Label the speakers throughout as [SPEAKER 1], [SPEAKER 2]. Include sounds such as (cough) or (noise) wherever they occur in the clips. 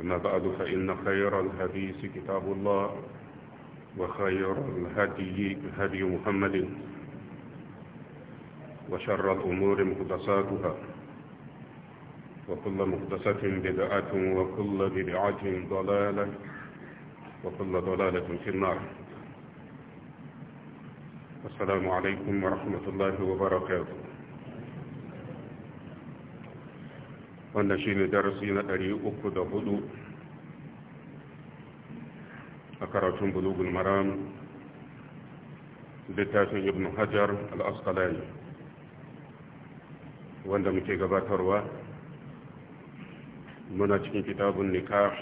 [SPEAKER 1] أما بعد فإن خير الحديث كتاب الله وخير الهدي هدي محمد وشر الأمور مقدساتها وكل مقدسة بدعة وكل بدعة ضلالة وكل ضلالة في النار السلام عليكم ورحمة الله وبركاته wannan shi ne darasi na hudu a karatun bulugul maram littafin ibn hajar al'askalani wanda muke gabatarwa muna cikin kitabun nikah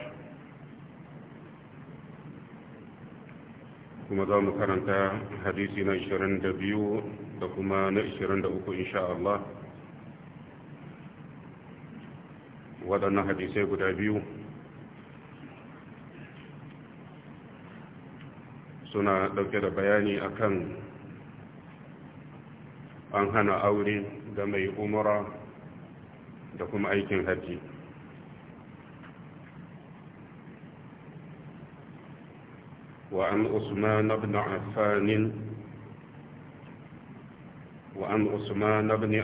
[SPEAKER 1] kuma za mu karanta hadisi na 22 da kuma na 23 insha Allah waɗannan hadisai guda biyu suna ɗauke da bayani akan an hana aure ga mai umara da kuma aikin hajji وعن usman بن عفان وعن عثمان بن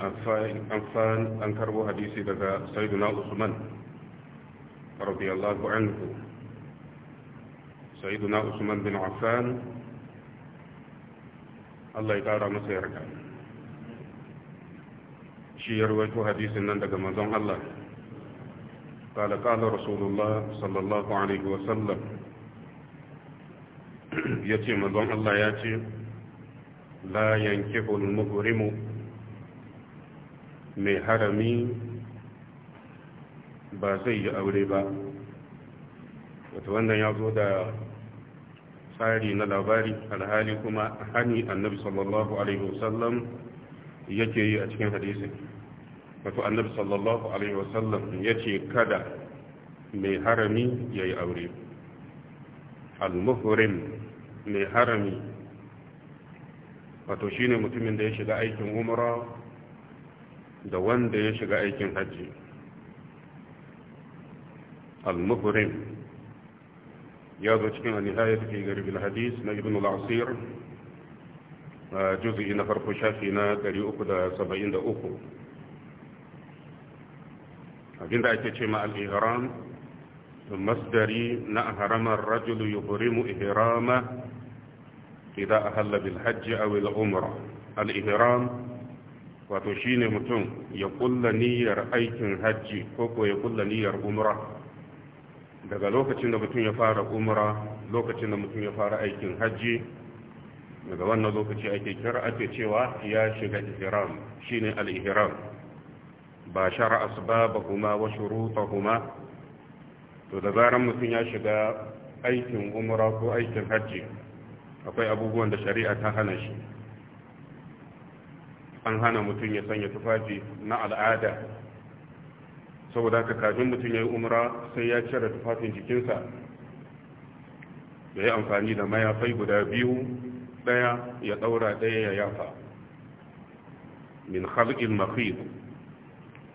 [SPEAKER 1] عفان أنكر حديث دقاء سيدنا عثمان رضي الله عنه سيدنا عثمان بن عفان الله يدار مسيرك شي يروي حديث نن دقاء مزون الله قال قال رسول الله صلى الله عليه وسلم يتي مزون الله ياتي la yankihul muhrimu mai harami ba zai yi aure ba wata wannan ya zo da tsari na labari alhali kuma hani annabi sallallahu alaihi yi a cikin hadisi wato annabi sallallahu alaihi wasallam ya ce kada mai harami ya yi aure al-muhrim mai harami wato shine mutumin da ya shiga aikin umara da wanda ya shiga aikin hajji al-muhrim ya zo cikin nihayat da ke al-hadis na ibn al-asir juz'i na farko shafi na 373 abinda ake ce ma al-ihram masdari na haramar rajulu yuhrimu ihrama idan a hallabin hajji a wil umra al wato shine mutum ya kulla niyyar aikin hajji ko ko ya kulla niyyar umra daga lokacin da mutum ya fara umra lokacin da mutum ya fara aikin hajji daga wannan lokaci ake kira ake cewa ya shiga ihram shine al-ihram ba shara asbabahuma wa shurutahuma to da zarar mutum ya shiga aikin umra ko aikin hajji akwai abubuwan da shari'a ta hana shi an hana mutum ya sanya tufafi na al'ada saboda haka kafin mutum ya yi umra sai ya cire tufafin jikinsa ya yi amfani da mayafai guda biyu daya ya daura daya ya yafa min khalqil makhid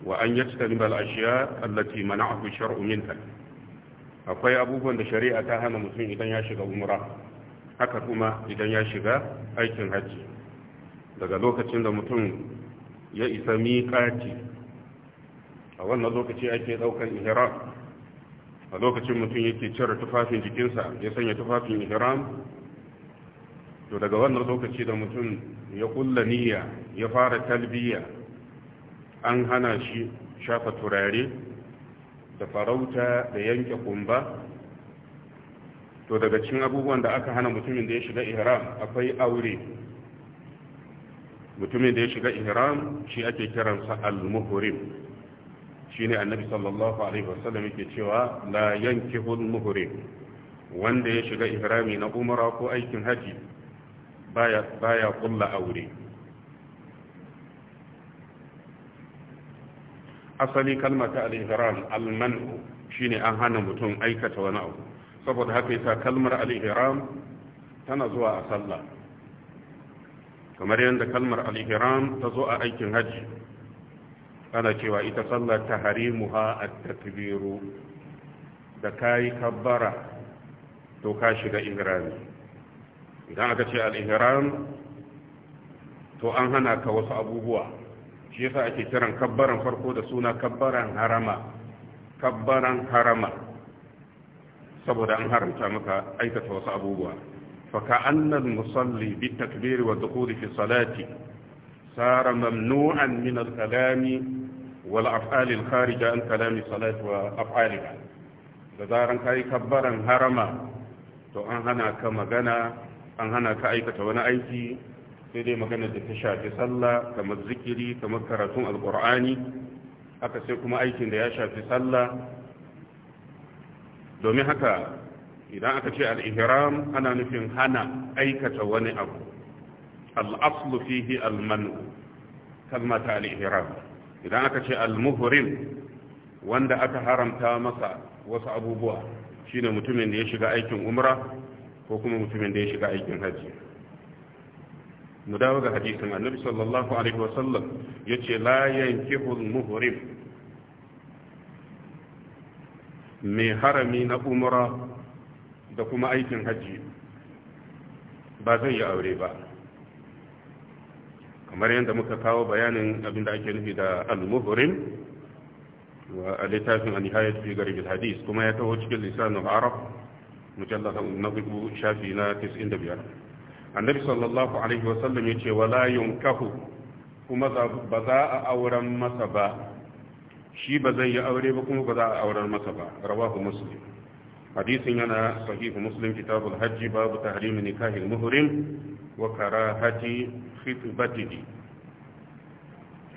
[SPEAKER 1] wa an yajtanib al ashiya allati mana'ahu shar'u minha akwai abubuwan da shari'a ta hana mutum idan ya shiga umra haka kuma idan ya shiga aikin hajji daga lokacin da mutum ya isa miƙati a wannan lokaci ake ɗaukan ihram a lokacin mutum yake cire tufafin jikinsa ya sanya tufafin ihram to daga wannan lokaci da mutum ya kulla niyya ya fara talbiya an hana shi shafa turare da farauta da yanke kumba to daga cikin abubuwan da aka hana mutumin da ya shiga ihram akwai aure mutumin da ya shiga ihram shi ake kiransa al-muhrim shine annabi sallallahu alaihi wasallam yake cewa la yankihu al-muhrim wanda ya shiga ihrami na umara ko aikin haji baya baya kulla aure asali kalmata al-ihram al-man'u shine an hana mutum aikata wani abu saboda haka yasa kalmar al-ihram tana zuwa a sallah kamar yadda kalmar al-ihram ta zo a aikin haji ana cewa ita sallah tahrimuha at-takbiru da kai kabbara to ka shiga ihrami idan aka ce al-ihram to an hana ka wasu abubuwa shi yasa ake kiran kabbaran farko da suna kabbaran harama kabbaran harama saboda an haramta maka aikata wasu abubuwa faka annal musalli bi takbir wa dukhuli fi salati sara mamnu'an min al-kalami wal af'al al-kharija an kalami salati wa af'aliha da zaran kai kabbaran harama to an hana ka magana an hana ka aikata wani aiki sai dai magana da ta shafi sallah kamar zikiri kamar karatun alqur'ani aka sai kuma aikin da ya shafi sallah domin haka idan aka ce al ana nufin hana aikata wani abu al-aslu fihi al kalmata al idan aka ce al-muhrim wanda aka haramta masa wasu abubuwa shine mutumin da ya shiga aikin umra ko kuma mutumin da ya shiga aikin hajji mu dawo ga hadisin annabi sallallahu alaihi wasallam yace la yankihu al-muhrim mai harami na umara da kuma aikin hajji ba zai yi aure ba kamar yadda muka kawo bayanin abinda ake nufi da al-muhrim wa a littafin anihayat fi garib hadis kuma ya taho cikin lisanin arab mujallal na hudu shafi na 95 annabi sallallahu alaihi wasallam ya ce wala yunkahu kuma ba za a auren masa ba shi ba zai yi aure ba kuma ba za a aurar masa ba rawahu muslim hadisin yana sahihu muslim kitabul hajji babu tahrim nikahi muhrim wa karahati khitbatihi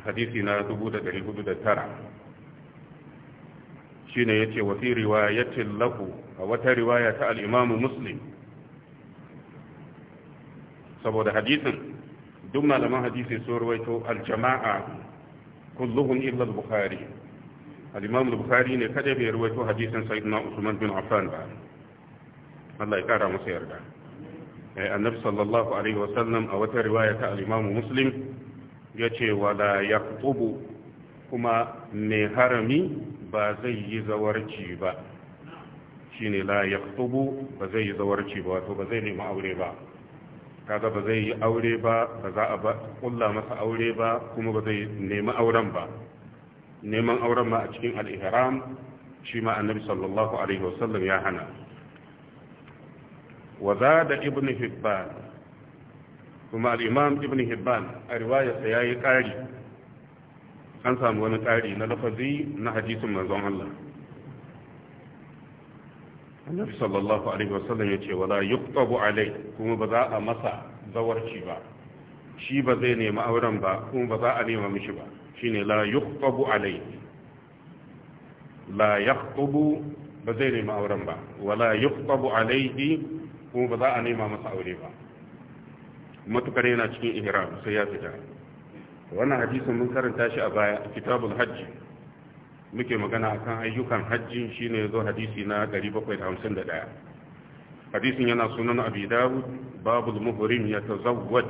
[SPEAKER 1] hadisi na 1409 shine yace wa fi riwayatil lahu a wata riwaya ta al-imam muslim saboda hadisin duk malaman hadisi sun ruwaito al-jama'a kulluhum illa al-bukhari al bukari ne kada bai rawaito hadisin sayyidina usman bin affan ba Allah ya kara masa yarda eh, annabi sallallahu alaihi wasallam a wata riwaya ta al-imam muslim yace wala yaqtubu kuma mai harami ba zai yi zawarci ba shine la yaqtubu ba zai yi zawarci ba wato ba zai nemi aure ba kaga ba zai yi aure ba ba za a kulla masa aure ba kuma ba zai nemi auren ba neman auren ma a cikin al'ihram shi ma annabi sallallahu alaihi wasallam ya hana Waza da ibn hibban kuma al'imam ibn hibban a riwayarsa ya yi ƙari an samu wani ƙari na lafazi na hadisin manzon Allah annabi sallallahu alaihi wasallam ya ce yi yuqtabu alai kuma ba za a masa zawarci ba shi ba zai nemi auren ba kuma ba za a nema mishi ba shine la yuqtabu alayhi la yaqtabu ba zai nemi auren ba wala yuqtabu alayhi kuma ba za a nema masa aure ba matukar yana cikin ihram sai ya fita wannan hadisin mun karanta shi a baya a kitabul hajji muke magana akan ayyukan hajji shine yazo hadisi na 751 hadisin yana sunan abi dawud babul muhrim yatazawwaj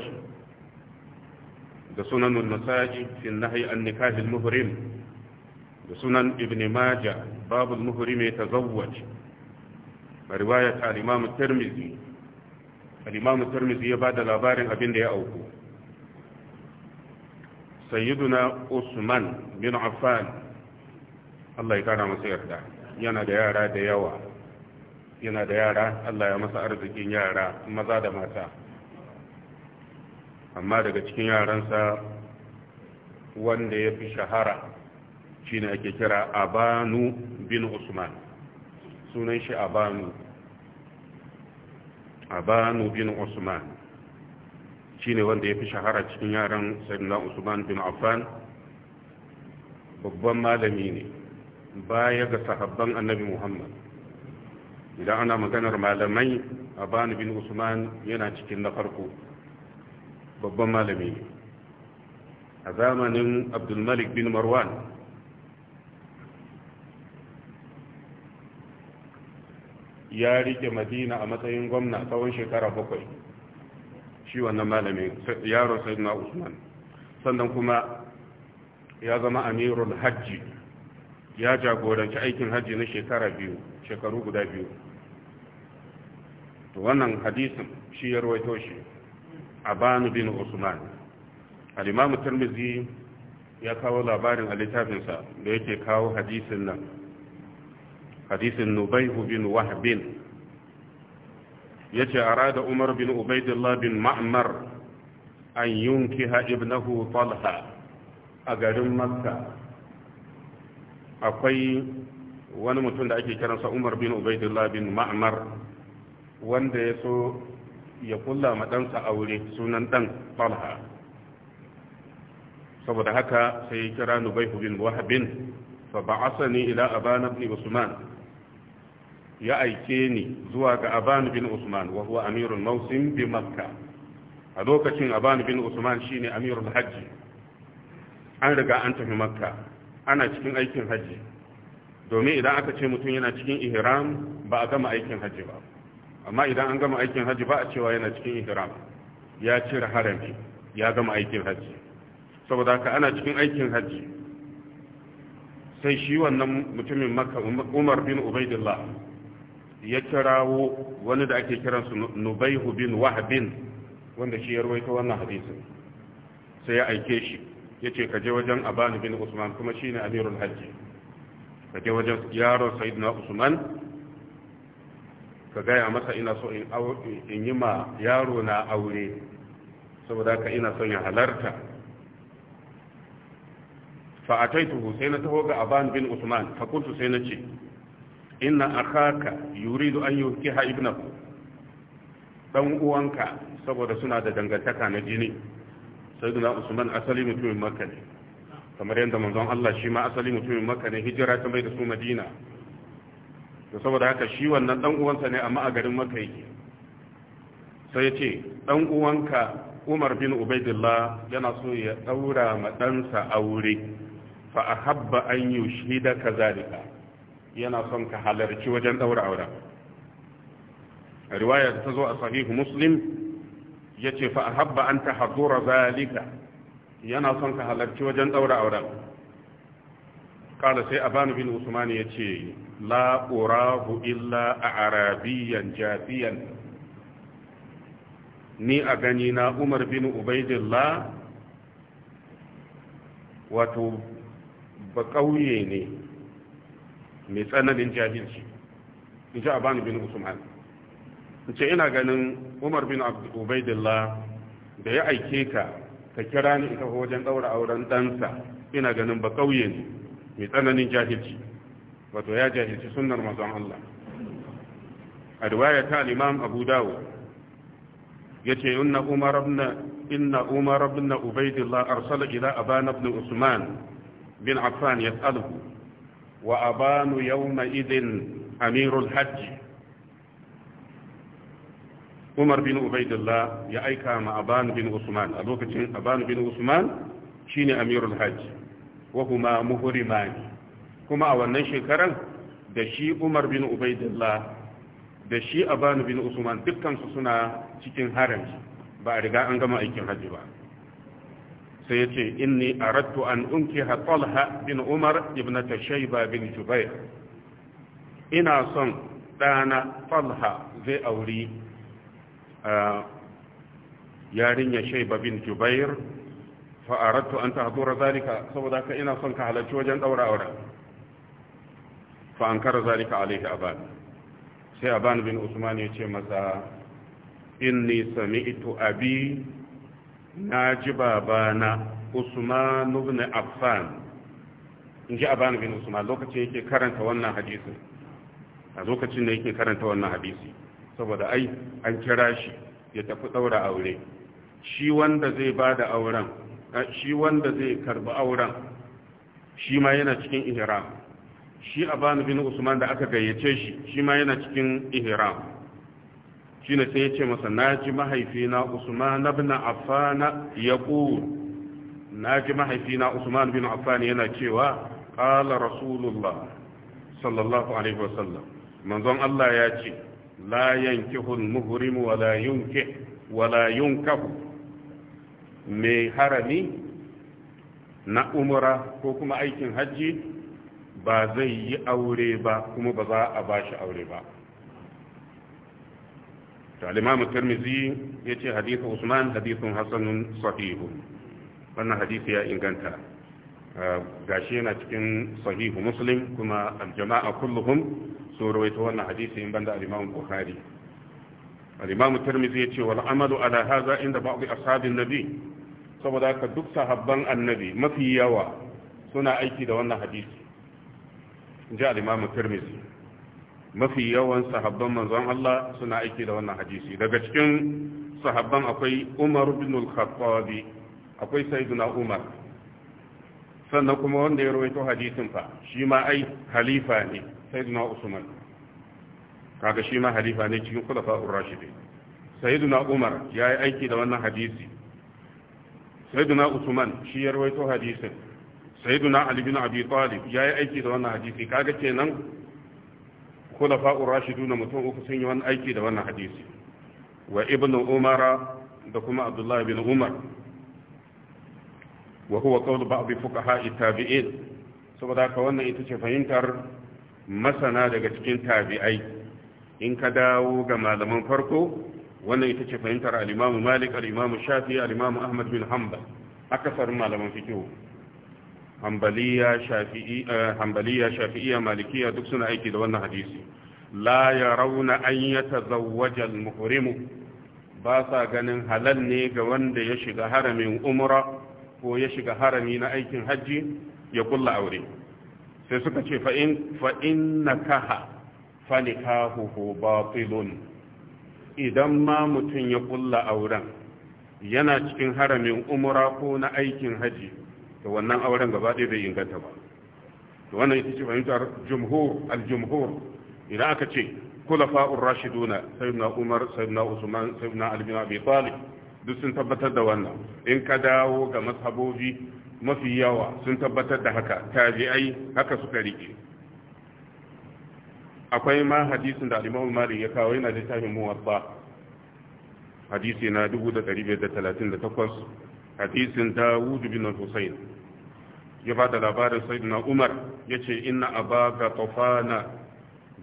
[SPEAKER 1] da sunan nasa'i fi nahyi an nikahil muhrim da sunan ibn majah babul muhrim ya tazawwaj riwaya ta imam tirmidhi al-imam tirmidhi ya bada labarin abin da ya auku sayyiduna usman bin affan Allah ya kara masa yarda yana da yara da yawa yana da yara Allah ya masa arzikin yara maza da mata amma daga cikin yaransa wanda ya fi shahara shine ake kira abanu bin usman sunan shi abanu abanu bin usman shine wanda ya fi shahara cikin yaran sayyidina usman bin affan babban malami ne baya ga sahabban annabi muhammad idan ana maganar malamai abanu bin usman yana cikin na farko babban malami ne a zamanin abdulmalik bin marwan ya rike madina a matsayin gwamna tsawon shekara bakwai shi wannan malami yaron sai na usman sannan kuma ya zama amirul hajji ya jagoranci aikin hajji na shekara biyu shekaru guda biyu wannan hadisin shi ya rawaito shi abanu bin usman al-imam tirmidhi ya kawo labarin a littafinsa da yake kawo hadisin nan hadisin nubaihu bin wahbin yace arada umar bin ubaidillah bin ma'mar an yunkiha ibnahu talha a garin makka akwai wani mutum da ake kiransa umar bin ubaidillah bin ma'mar wanda ya so ya kulla ma a aure sunan ɗan talha saboda haka sai ya kira nubaihu bin wahabin fa ba'asani ila abana bin usman ya aike ni zuwa ga abana bin usman wa huwa amirul mausim bi makka a lokacin abana bin usman shine amirul hajji an riga an tafi makka ana cikin aikin hajji domin idan aka ce mutum yana cikin ihram ba a gama aikin hajji ba amma idan an gama aikin hajji ba a cewa yana cikin ihram ya cire harami ya gama aikin hajji saboda haka ana cikin aikin hajji sai shi wannan mutumin maka umar bin ubaidillah ya kirawo wani da ake kiransu nubaihu bin wahabin wanda shi ya ruwaito wannan hadisin sai ya aike shi ya ce kaje wajen abani bin usman kuma shi ne amirul hajji kaje wajen yaron na usman ka gaya masa ina so in yi ma yaro na aure saboda ka ina son ya halarta fa'ataituhu sai na taho ga aban bin usman fakultu sai na ce inna akhaka yuridu an yukiha ibnahu dan uwanka saboda suna da dangantaka na jini Sai sayyidina usman asali mutumin makka ne kamar yadda manzon Allah shi ma asali mutumin maka ne hijira ta mai da su madina Da saboda haka shi wannan dan uwansa ne amma a garin maka yake sai ya ce dan uwanka Umar bin Ubaidillah yana so ya daura ma ɗansa aure fa habba an yushhida kazalika yana son ka halarci wajen daura aure riwaya ta zo a sahihu Muslim yace fa habba an tahdura zalika yana son ka halarci wajen daura aure sai قال سي أبان بن عثمان يتي لا أراه إلا أعرابيا Ni a gani na Umar bin الله wato ba ƙauye ne mai tsananin jahilci in ji abani bin usman in ce ina ganin umar bin ubaidillah da ya aike ka ka kira ni ita wajen ɗaura auren ɗansa ina ganin ba ƙauye ne mai tsananin jahilci wato ya jahilci sunnar mazan Allah a riwaya ta al-Imam Abu Dawud yace inna Umar ibn inna Umar ibn Ubaydillah arsala ila Aban ibn Usman bin ya yas'aluhu wa Aban yawma idhin amirul hajji. Umar bin Ubaydillah ya aika ma Aban bin Usman a lokacin Aban bin Usman shine amirul hajji. wa huma muhrimani kuma a wannan shekaran da shi Umar bin Ubaidillah da shi Abanu bin Usman dukkansu suna cikin harin ba a riga an gama aikin haji ba sai ya ce inni aradtu an unkiha Talha bin Umar ibn tashayba bin Jubair ina son ɗana Talha zai auri ah, yarinya Shayba bin Jubair fa aradtu an tahdura zalika saboda ka ina son ka halarci wajen daura aure fa ankara zalika alaihi aban sai aban bin usman ya ce masa inni sami'tu abi naji babana usman ibn affan in ji aban bin usman lokacin yake karanta wannan hadisi a lokacin da yake karanta wannan hadisi saboda ai an kira shi ya tafi daura aure shi wanda zai ba da auren shi wanda zai karbi auren shi ma yana cikin ihram shi abanu bin usman da aka gayyace shi shi ma yana cikin ihram shi ne sai ya ce masa naji mahaifina usman ibn affan Na naji mahaifina usman bin affan yana cewa qala rasulullah sallallahu alaihi wasallam manzon Allah ya ce la yankihul muhrimu wala yunkih wala yunkahu mai harami na umura ko kuma aikin hajji ba zai yi aure ba kuma ba za a ba shi aure ba talimamu turmizi ya ce hadithu usman hadithun hassanun sahihun wannan hadithu ya inganta uh, gashi yana cikin sahihu muslim kuma aljama'a kulluhun sun rawaito wannan hadisi in banda al Buhari. bukhari al ya ce, yace wal amalu ala haza inda ba'd ashabin nabi saboda haka duk sahabban annabi mafi yawa suna aiki da wannan hadisi in ji al'imamu tirmizi mafi yawan sahabban manzon Allah suna aiki da wannan hadisi daga cikin sahabban akwai umar bin al-khattabi akwai sayyiduna umar sannan kuma wanda ya rawaito hadisin fa shi ma ai halifa ne sayyiduna usman kaga shi ma halifa ne cikin khulafa'ur rashidin sayyiduna umar ya yi aiki da wannan hadisi sayyiduna usman shi ya rawaito hadisin sayyiduna ali bin abi talib yayi aiki da wannan hadisi kaga kenan khulafa'ur rashiduna mutum uku sun yi wannan aiki da wannan hadisi wa ibnu umara da kuma abdullahi bin umar wa huwa qawlu ba'd saboda ka wannan ita ce fahimtar masana daga cikin tabi'ai in ka dawo ga malaman farko wannan ita ce fahimtar Alimamu malik Alimamu shafi Alimamu ahmad bin hanbal akasarin malaman fikihu hanbaliya shafi'iya eh, malikiya duk suna aiki da wannan hadisi la ya rauna an ya tazawwaja al ba sa ganin halal ne ga wanda ya shiga haramin umra ko ya shiga harami na aikin hajji ya kulla aure sai suka ce fa in fa innakaha fa nikahuhu idan ma mutum ya kulla auren yana cikin haramin umura ko na aikin haji da wannan auren gaba ɗaya bai inganta ba da wannan ita ce fahimtar jumhur al-jumhur idan aka ce kula fa'ur rashiduna sayyidina umar sayyidina usman sayyidina ali bin abi duk sun tabbatar da wannan in ka dawo ga mashabobi mafi yawa sun tabbatar da haka tabi'ai haka suka rike akwai ma hadisin da alimamu malik ya kawo yana littafin muwatsa hadisi na 1538 hadisin dawud bin husayn ya ba da labarin sayyidina umar ya ce a inna abaka tufana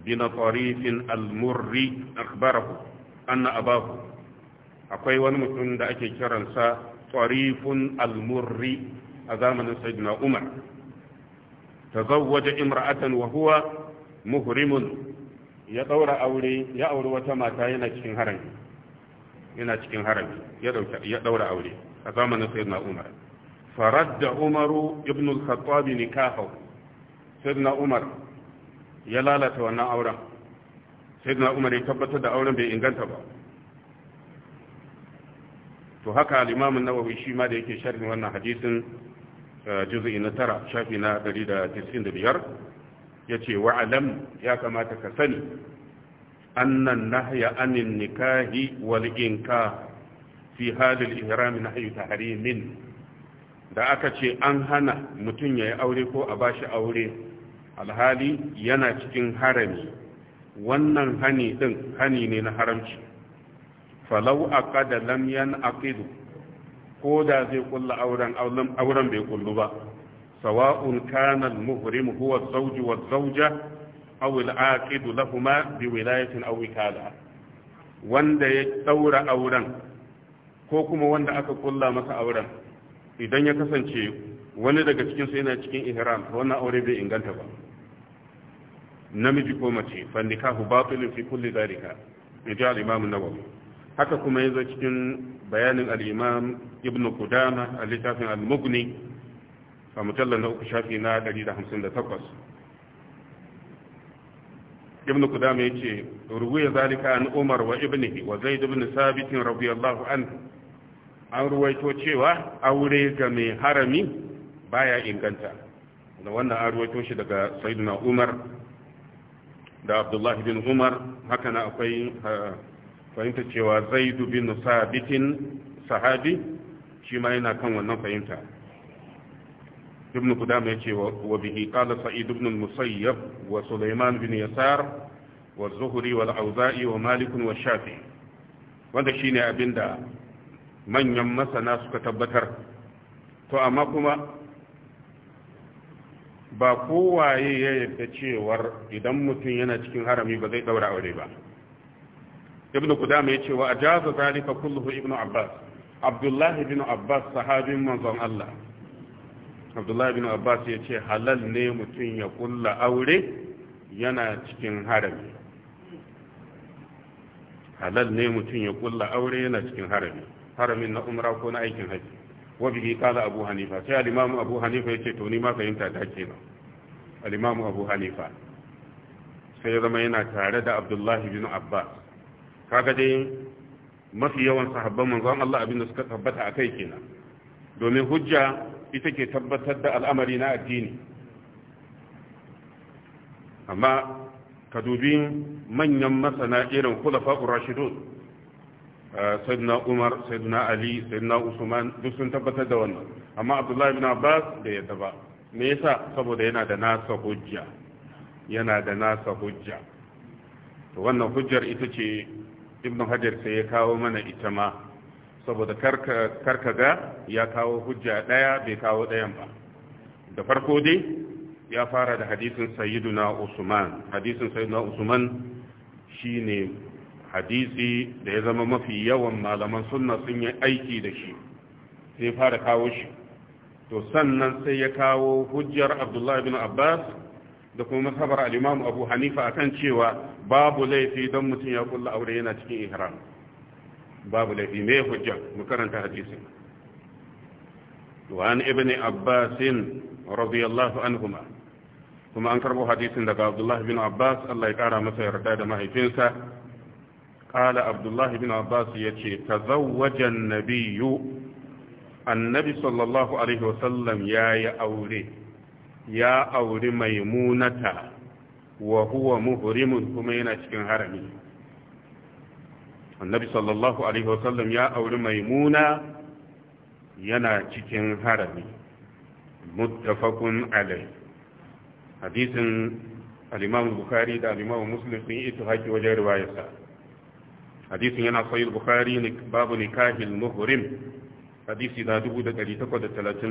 [SPEAKER 1] bin tarifin al-murri akhbarahu anna abahu akwai wani mutum da ake kiransa tarifun al-murri a zamanin sayyidina umar Ta tazawwaja imra'atan wa huwa muhrimun ya daura aure ya auri wata mata yana cikin harami yana cikin harami ya dauka ya daura aure a zamanin sayyidina Umar faradda Umaru ibn al-Khattab nikahu sayyidina Umar ya lalata wannan auren sayyidina Umar ya tabbatar da auren bai inganta ba to haka al-Imam an-Nawawi shi ma da yake sharhin wannan hadisin eh, juz'i na 9 shafi na 195 ya ce wa'alam ya kamata ka sani annan nahya anin nikahi wal inka fi halil ihrami nahyu tahrimin da aka ce an hana mutum ya yi aure ko a bashi aure alhali yana cikin harami wannan hani din hani ne na haramci falau aqada lam yan aqidu ko da zai kulla auren auren bai kullu ba سواء كان المهرم هو الزوج والزوجة أو العاقد لهما بولاية أو وكالة wanda ya ɗaura auren ko kuma wanda aka kulla masa auren idan ya kasance wani daga cikinsu yana cikin ihram wannan aure bai inganta ba namiji ko mace fannikahu batilin fi kulli zalika ya al-imam an-nawawi haka kuma yanzu cikin bayanin al-imam ibnu qudama a littafin al-mughni a mujallar na uku shafi na 158 ibn kudama ya ce ruwaya zalika an umar wa ibnihi wa zaid ibn sabit radiyallahu anhu an ruwaito cewa aure ga mai harami baya inganta da wannan an ruwaito shi daga sayyidina umar da abdullahi bin umar haka na akwai fahimta cewa zaid bin sabit sahabi shi ma yana kan wannan fahimta ibn qudama yace wa bihi qala sa'id ibn al wa sulaiman bin yasar wa zuhri wal auza'i wa malik wa shafi wanda shine abinda manyan masana suka tabbatar to amma kuma ba kowaye ya yarda cewar idan mutum yana cikin harami ba zai daura aure ba ibn qudama yace wa ajaza zalika kulluhu ibn abbas abdullahi bin abbas sahabin manzon Allah abdullahi bin abbas ya ce halal ne mutum ya kulla aure yana cikin harami halal ne mutum ya kulla aure yana cikin harami haramin na umra ko na aikin haji wa bihi kala abu hanifa sai al-imam abu hanifa ce to ni ma fahimta da kenan al-imam abu hanifa sai ya zama yana tare da abdullahi bin abbas kaga dai mafi yawan sahabban manzon Allah abin da suka tabbata akai kenan domin hujja ita ke tabbatar da al'amari na addini amma ka dubi manyan masana irin kulafa rashidun sayyidina umar sayyidina ali sayyidina usman duk sun tabbatar da wannan amma abdullahi ibn abbas da yadda ba me yasa saboda yana da nasa hujja yana da nasa hujja to wannan hujjar ita ce ibn hajar sai ya kawo mana ita ma saboda karka ga ya kawo hujja ɗaya bai kawo ɗayan ba da farko dai ya fara da hadisin sayyiduna usman hadisin sayyiduna usman shine hadisi da ya zama mafi yawan malaman sunna sun yi aiki da shi sai fara kawo shi to sannan sai ya kawo hujjar abdullahi bin abbas da kuma masabar al-imam abu hanifa akan cewa babu laifi don mutum ya kulla aure yana cikin ihram babu laifi me hujja mu karanta hadisin wa an ibn abbas radiyallahu anhuma kuma an karbo hadisin daga abdullah bin abbas Allah ya kara masa yarda da mahaifinsa qala abdullah bin abbas yace wajen an-nabiyyu annabi sallallahu alaihi wasallam yayi aure ya auri maimunata wa huwa muhrimun kuma yana cikin harami annabi sallallahu alaihi wasallam ya auri maimuna yana cikin harami muttafaqun alai hadisin al-imam bukhari da al-imam muslim sun yi ittifaqi wajen riwayarsa hadisin yana sahih bukhari ne babu nikahil muhrim hadisi da 1837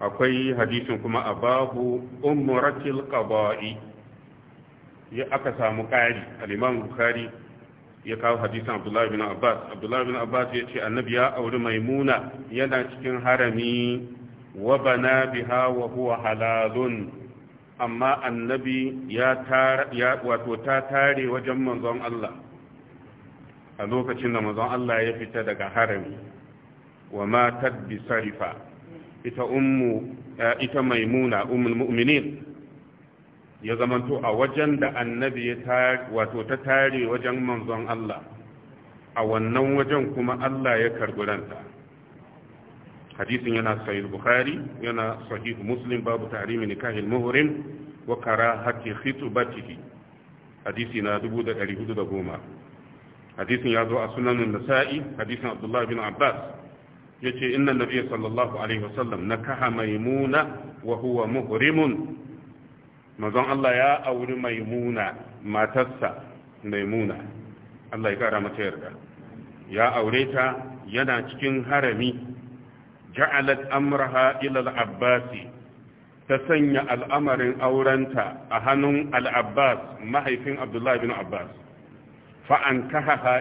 [SPEAKER 1] akwai hadisin kuma a babu umratil qada'i ya aka samu ƙari al-imam bukhari ya kawo hadisan abdullahi bin abbas abdullahi bin abbas ya ce annabi ya auri maimuna yana cikin harami wa bana biha wa huwa halalun amma annabi ya tara wato ta tare wajen manzon Allah a lokacin da manzon Allah ya fita daga harami wa matar bi sarifa ita ummu eh, ita maimuna ummul mu'minin ya zamanto a wajen da annabi ya wato ta tare wajen manzon Allah a wannan wajen kuma Allah ya karbi hadisin yana sahih bukhari yana sahih muslim babu tahrimi nikahil muhrim wa karahati khitbatihi hadisi na 1410 hadisin ya zo a sunanin nasa'i hadisin abdullahi bin abbas yace inna nabiyya sallallahu alaihi wasallam nakaha maimuna wa huwa muhrimun manzon Allah ya auri maimuna matarsa maimuna Allah ya kara mata yarda ya aure ta yana cikin harami ja'alat amraha ila al-abbasi ta sanya al'amarin aurenta a hannun al-abbas mahaifin abdullahi bin abbas fa an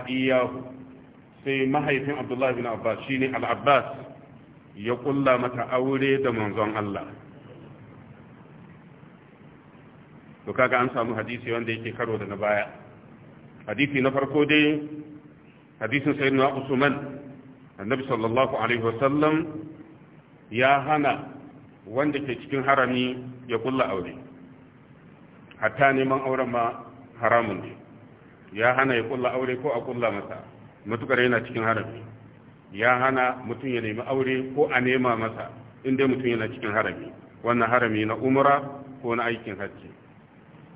[SPEAKER 1] iyahu sai mahaifin abdullahi bin abbas shine al-abbas ya kulla mata aure da manzon Allah to kaga an samu hadisi wanda yake karo da na baya hadisi na farko dai hadisin sayyidina usman annabi sallallahu alaihi wasallam ya hana wanda ke cikin harami ya kulla aure hatta neman auren ma haramun ne ya hana ya kulla aure ko a kulla masa matukar yana cikin harami ya hana mutum ya nemi aure ko a nema masa inda mutum yana cikin harami wannan harami na umra ko na aikin hajji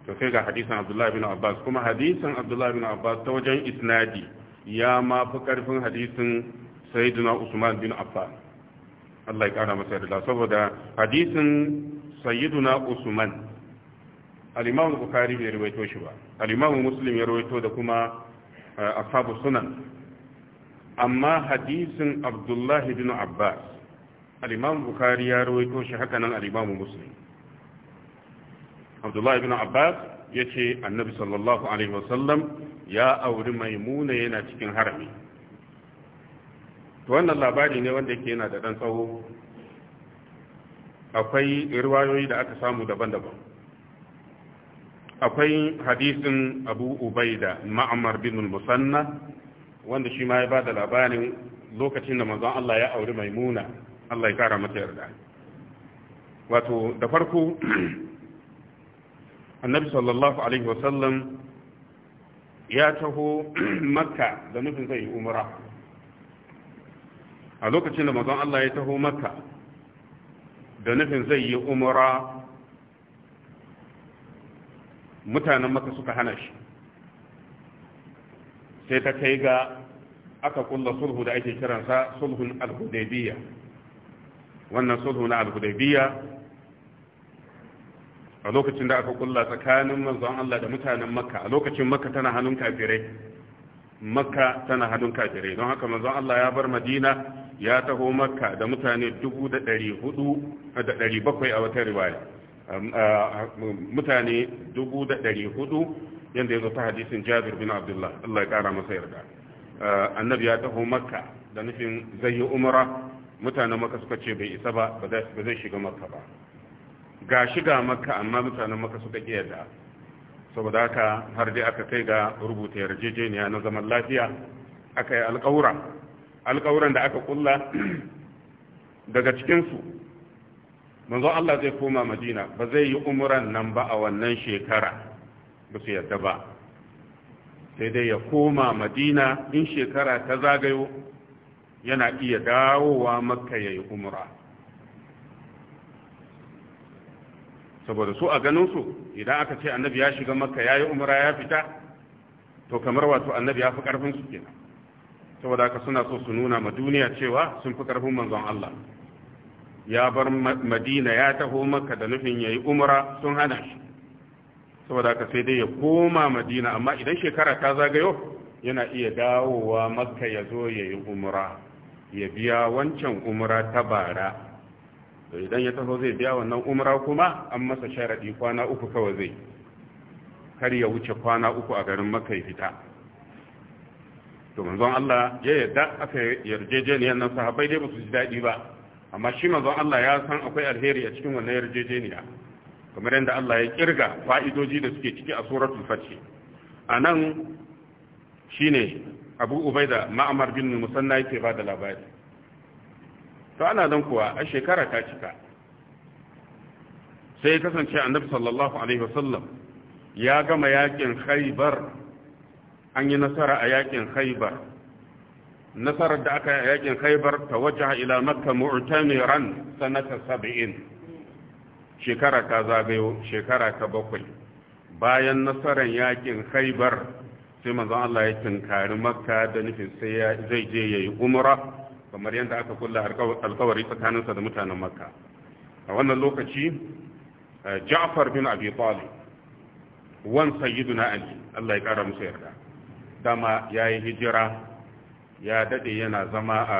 [SPEAKER 1] to kai ga hadisan abdullahi bin abbas kuma hadisan abdullahi bin abbas ta wajen isnadi ya ma fi karfin hadisin sayyidina usman bin affan Allah ya kara masa yarda saboda hadisin sayyiduna usman al-imam bukhari bai rawaito shi ba al-imam muslim ya rawaito da kuma eh, ashabu sunan amma hadisin abdullahi bin abbas al-imam bukhari ya rawaito shi hakanan nan al-imam muslim abdullahi bin abbas ya ce annabi sallallahu alaihi wasallam ya auri maimuna yana cikin harami to wannan labari ne wanda yake yana da ɗan tsawo akwai riwayoyi da aka samu daban-daban akwai hadisin abu ubaida ma'amar bin musanna wanda shi ma ya ba da labarin lokacin da manzon Allah ya auri maimuna Allah ya kara mata yarda wato da farko annabi sallallahu alaihi wasallam ya taho (clears throat) makka da nufin zai yi umra a lokacin da mazan Allah ya taho makka da nufin zai yi umra mutanen makka suka hana shi sai ta kai ga aka kulla sulhu da ake kiransa sulhun al-hudaybiyya wannan sulhu na al-hudaybiyya a lokacin da aka kulla tsakanin manzon Allah da mutanen makka a lokacin makka tana hannun kafirai makka tana hannun kafirai don haka manzon Allah ya bar madina ya taho makka da mutane 4,700 a wata riwaya mutane 4,400 yadda ya zo ta hadisin jabir bin abdullah Allah ya kara masa yarda annabi ya taho makka da nufin zai yi umara mutanen makka suka ce bai isa ba ba zai shiga makka ba ga shiga maka amma mutanen maka suka iya da saboda haka har dai aka kai ga rubuta yarjejeniya na zaman lafiya aka yi alƙawura alƙawuran da aka kulla (clears throat) daga cikinsu manzo Allah zai koma madina ba zai yi umuran nan ba a wannan shekara ba su yadda ba sai dai ya koma madina in shekara ta zagayo yana iya dawowa makka ya yi umura saboda su a ganinsu idan aka ce annabi ya shiga makka ya yi umara ya fita to kamar wato annabi ya fi ƙarfinsu kenan saboda aka suna so su nuna ma duniya cewa sun fi ƙarfin manzon Allah ya bar madina ya taho Makka da nufin ya yi umara sun hana shi saboda aka sai dai ya koma madina amma idan shekara ta zagayo yana iya dawowa makka ya zo ya yi umara ya biya wancan umara ta bara to idan ya taho zai biya wannan umra kuma an masa sharadi kwana uku kawai zai kar ya wuce kwana uku a garin makka fita to manzon Allah ya yarda aka yarjejeniyar nan sahabbai dai basu ji daɗi ba amma shi manzon Allah ya san akwai alheri a cikin wannan yarjejeniya kamar yadda Allah ya kirga fa'idoji da suke ciki a suratul a anan shine Abu Ubaida Ma'amar bin Musanna yake ba da labari to ana nan kuwa a shekara ta cika sai kasance annabi sallallahu alaihi wasallam ya gama yakin khaybar an yi nasara a yakin khaybar nasarar da aka yi a yakin khaybar ta wajaha ila makka mu'tamiran sanata 70 shekara ta zagayo shekara ta bakwai bayan nasarar yakin khaybar sai manzon Allah ya tinkari makka da nufin sai zai je yayi umra kamar yadda aka kulla alkawari tsakaninsa da mutanen makka a wannan lokaci eh, ja'far bin abi talib wan sayyiduna ali Allah ya kara musu yarda dama yayi hijira ya dade yana zama a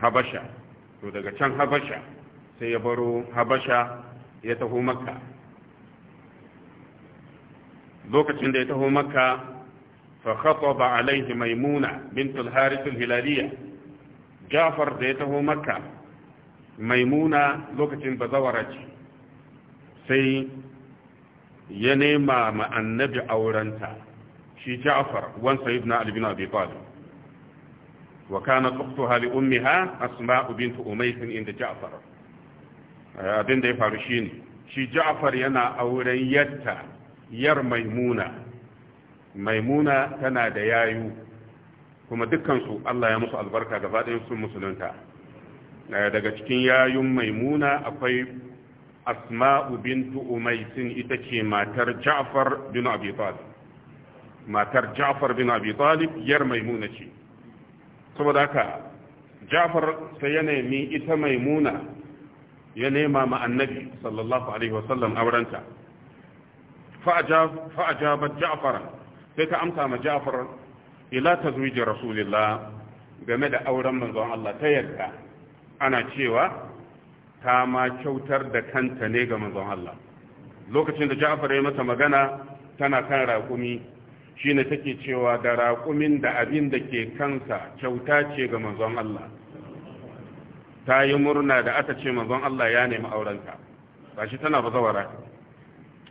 [SPEAKER 1] habasha to daga can habasha sai ya baro habasha ya taho makka lokacin da ya taho makka fa khataba alaihi maimuna bintul harith al-hilaliyah jafar da ya taho maka maimuna lokacin bazawara ce sai ya nema ma annabi aurenta shi jafar wansa yi na albina bai talib wa kana ukhtuha li ummiha asma'u bint umayth inda ja'far abin da ya faru shi ne. shi ja'far yana auren yarta yar maimuna maimuna tana da yayu kuma dukkansu Allah ya musu albarka gaba ɗayan sun musulunta eh, daga cikin yayun maimuna akwai asma'u bintu umaisin ita ce matar ja'far bin abi talib matar ja'far bin abi talib yar maimuna ce saboda haka ja'far sai ya nemi ita maimuna ya nema ma annabi sallallahu alaihi wasallam aurenta fa ajabat ja'far sai ka amsa ma ja'far ila tazwijin rasulillah game da auren manzon Allah ta yarda ana cewa ta ma kyautar da kanta ne ga manzon Allah lokacin da Ja'far ya mata magana tana kan raƙumi shine take cewa da raƙumin da abin da ke kansa kyauta ce ga manzon Allah ta yi murna da aka ce manzon Allah ya nemi aurenta gashi tana bazawara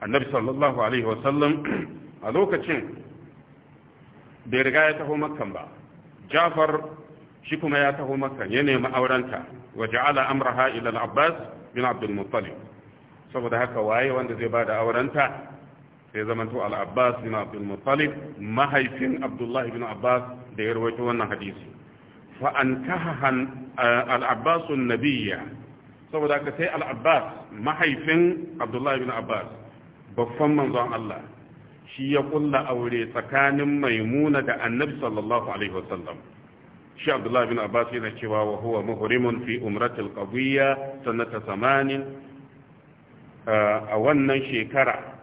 [SPEAKER 1] annabi sallallahu alaihi wasallam a lokacin bai riga ya taho makkan ba jafar shi kuma ya taho makkan ya nemi aurenta wa ja'ala amraha ila al-abbas bin abdul muttalib saboda haka waye wanda zai bada aurenta sai zamanto al-abbas bin abdul muttalib mahaifin abdullahi bin abbas da ya rawaito wannan hadisi fa ankaha eh, al-abbas an-nabiyya saboda haka sai al-abbas mahaifin abdullahi bin abbas babban manzon Allah shi ya kulla aure tsakanin maimuna da annabi sallallahu alaihi wasallam shi abdullahi bin abbas yana cewa wa huwa muhrimun fi umratil qawiyya sanata samanin a wannan shekara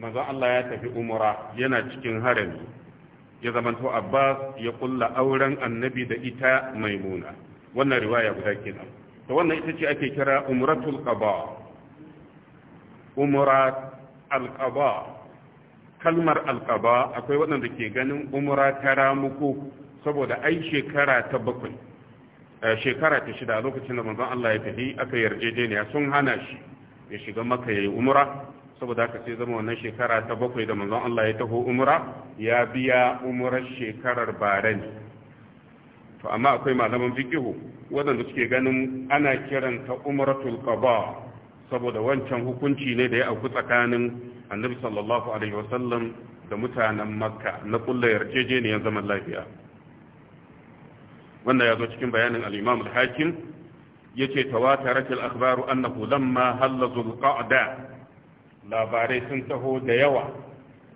[SPEAKER 1] manzo Allah ya tafi umra yana cikin harami ya zamanto abbas ya kulla auren annabi da ita maimuna wannan riwaya guda kenan to wannan ita ce ake kira umratul qada umrat al qada kalmar alƙaba akwai waɗanda ke ganin umura ta ramuko saboda ai shekara ta bakwai eh, shekara ta shida lokacin da manzon Allah ya tafi aka yarjejeniya sun hana shi ya shiga maka yayi umra saboda haka sai zama wannan shekara ta bakwai da manzon Allah ya taho umura ya biya umrar shekarar bare ne to amma akwai malaman fiqihu waɗanda suke ganin ana kiranta umratul qada saboda wancan hukunci ne da ya auku tsakanin annabi sallallahu alaihi wasallam da mutanen makka na kulla yarjejeniyar zaman lafiya wannan ya zo cikin bayanin al-imam al-hakim ta wata al-akhbaru annahu lamma halla zulqa'da labarai sun taho da yawa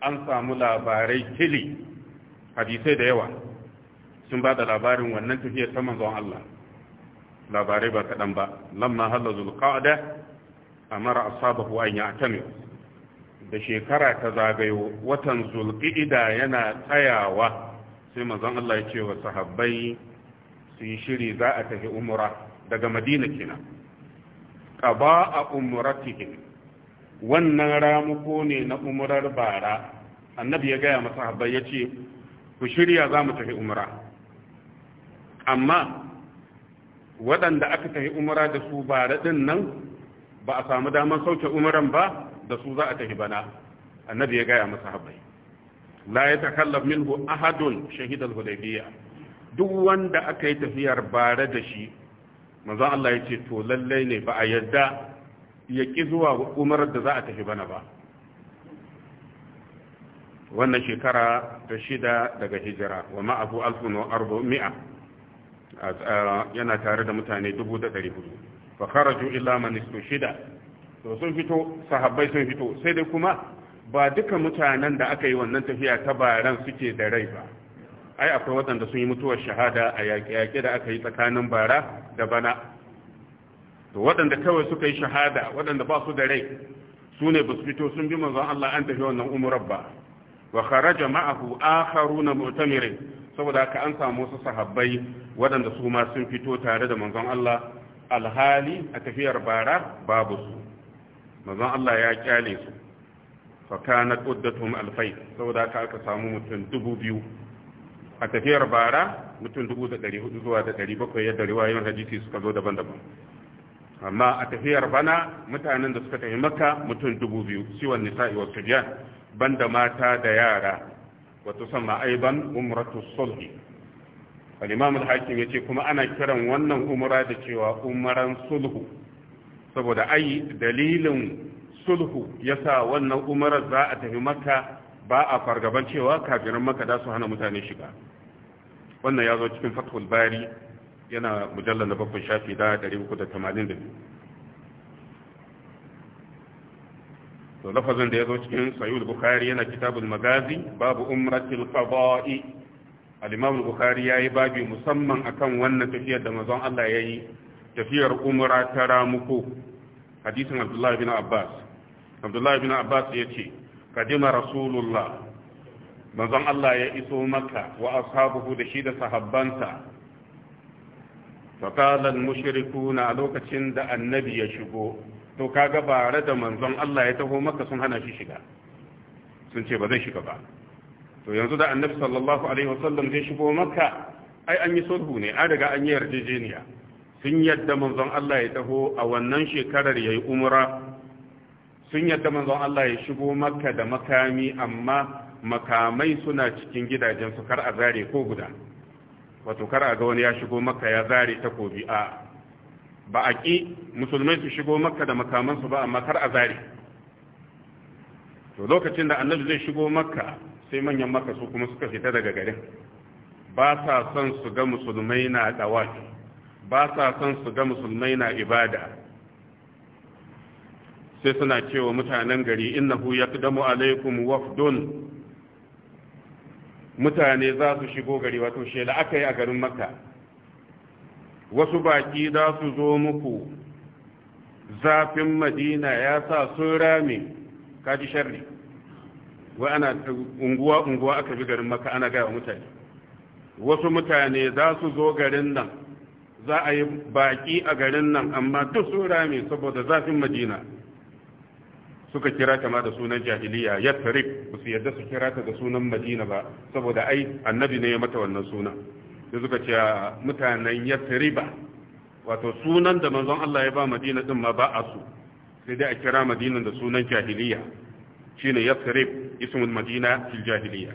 [SPEAKER 1] an samu labarai kili hadisai da yawa sun ba da labarin wannan tafiyar ta manzon Allah labarai ba kaɗan ba lamma halla zulqa'da amara ashabahu an ya'tamiru da shekara ta zagayo watan zulqa'ida yana tsayawa sai manzon Allah ya ce wa sahabbai su yi shiri za a tafi umra daga madina kina qaba a umratihim wannan ramuko ne na umrar bara annabi ya gaya masa sahabbai ya ce ku shirya za mu tafi umra amma waɗanda aka tafi umra da su bara ɗin nan ba a samu damar sauke umran ba da su za a tafi bana annabi ya gaya masa habai la ya takallaf minhu ahadun shahidal hudaybiya duk wanda aka yi tafiyar bare da shi manzon Allah ya ce to lalle ne ba a yadda ya ki zuwa umar da za a tafi bana ba wannan shekara ta shida daga hijira wa ma'afu alfun wa mi'a yana tare da mutane dubu da ɗari hudu fa kharaju illa man istushida to sun fito sahabbai sun fito sai dai kuma ba duka mutanen da aka yi wannan tafiya ta baran suke da rai ba ai akwai waɗanda sun yi mutuwar shahada a yaƙe-yaƙe da aka yi tsakanin bara da bana to waɗanda kawai suka yi shahada waɗanda ba su da rai su ne ba su fito sun bi manzon Allah an tafi wannan umurar ba wa kharaja ma'ahu akharuna mu'tamirin saboda haka an samu wasu sahabbai waɗanda su ma sun fito tare da manzon Allah alhali a tafiyar bara babu su Mazan Allah ya kyale su fa kana quddatuhum alfai saboda haka aka samu mutum dubu biyu a tafiyar bara mutum dubu da ɗari hudu zuwa da ɗari bakwai yadda riwayoyin hadisi suka zo daban-daban amma a tafiyar bana mutanen da suka tafi makka mutum dubu biyu siwan nisa'i wa subyan banda mata da yara wato sama aiban umratu sulhi al-imam al-hakim yace kuma ana kiran wannan umra da cewa umran sulhu saboda ai dalilin sulhu ya sa wannan umarar za a tafi maka ba a fargaban cewa kafirin maka da su hana mutane shiga wannan ya zo cikin fathul bari yana mujallar na bakwai shafi da 382 to lafazin da ya zo cikin sayul bukhari yana kitabul magazi babu umratil qada'i al-imam bukhari yayi babu musamman akan wannan tafiyar da manzon Allah yayi tafiyar umra ta ramuko hadisin abdullahi bin abbas abdullahi bin abbas ya ce kadima rasulullah manzon Allah ya iso maka wa ashabuhu da shi da sahabbansa faqala mushiriku na lokacin da annabi ya shigo to ka gabara da manzon Allah ya taho maka sun hana shi shiga sun ce ba zai shiga ba to yanzu da annabi sallallahu alaihi wasallam zai shigo maka ai an yi sulhu ne an riga an yi yarjejeniya sun yadda manzon Allah ya taho a wannan shekarar ya yi umra sun yadda manzon Allah ya shigo makka da makami amma makamai suna cikin gidajen su, kar a zare ko guda wato kar a ga wani ya shigo makka ya zare takobi a ba a ƙi musulmai su shigo makka da makamansu ba amma kar a zare to lokacin da annabi zai shigo makka sai manyan makka su kuma suka fita daga garin ba sa son su ga musulmai na dawaki ba sa son su ga musulmai na ibada sai suna cewa mutanen gari innahu yaqdamu alaikum wafdun mutane za su shigo gari wato shela aka yi a garin makka wasu baki za su zo muku zafin madina ya sa sun rame kaji sharri wa ana unguwa unguwa aka bi garin makka ana gaya mutane wasu mutane za su zo garin nan za a yi baƙi a garin nan amma duk sun rami saboda zafin madina suka kira ta ma da sunan jahiliya ya tarif ba su yarda su kira ta da sunan madina ba saboda ai annabi ne ya mata wannan suna da suka ce mutanen ya tariba wato sunan da manzon Allah ya ba madina din ma ba a su sai dai a kira madinan da sunan jahiliya shine ya tarif ismul madina fil jahiliya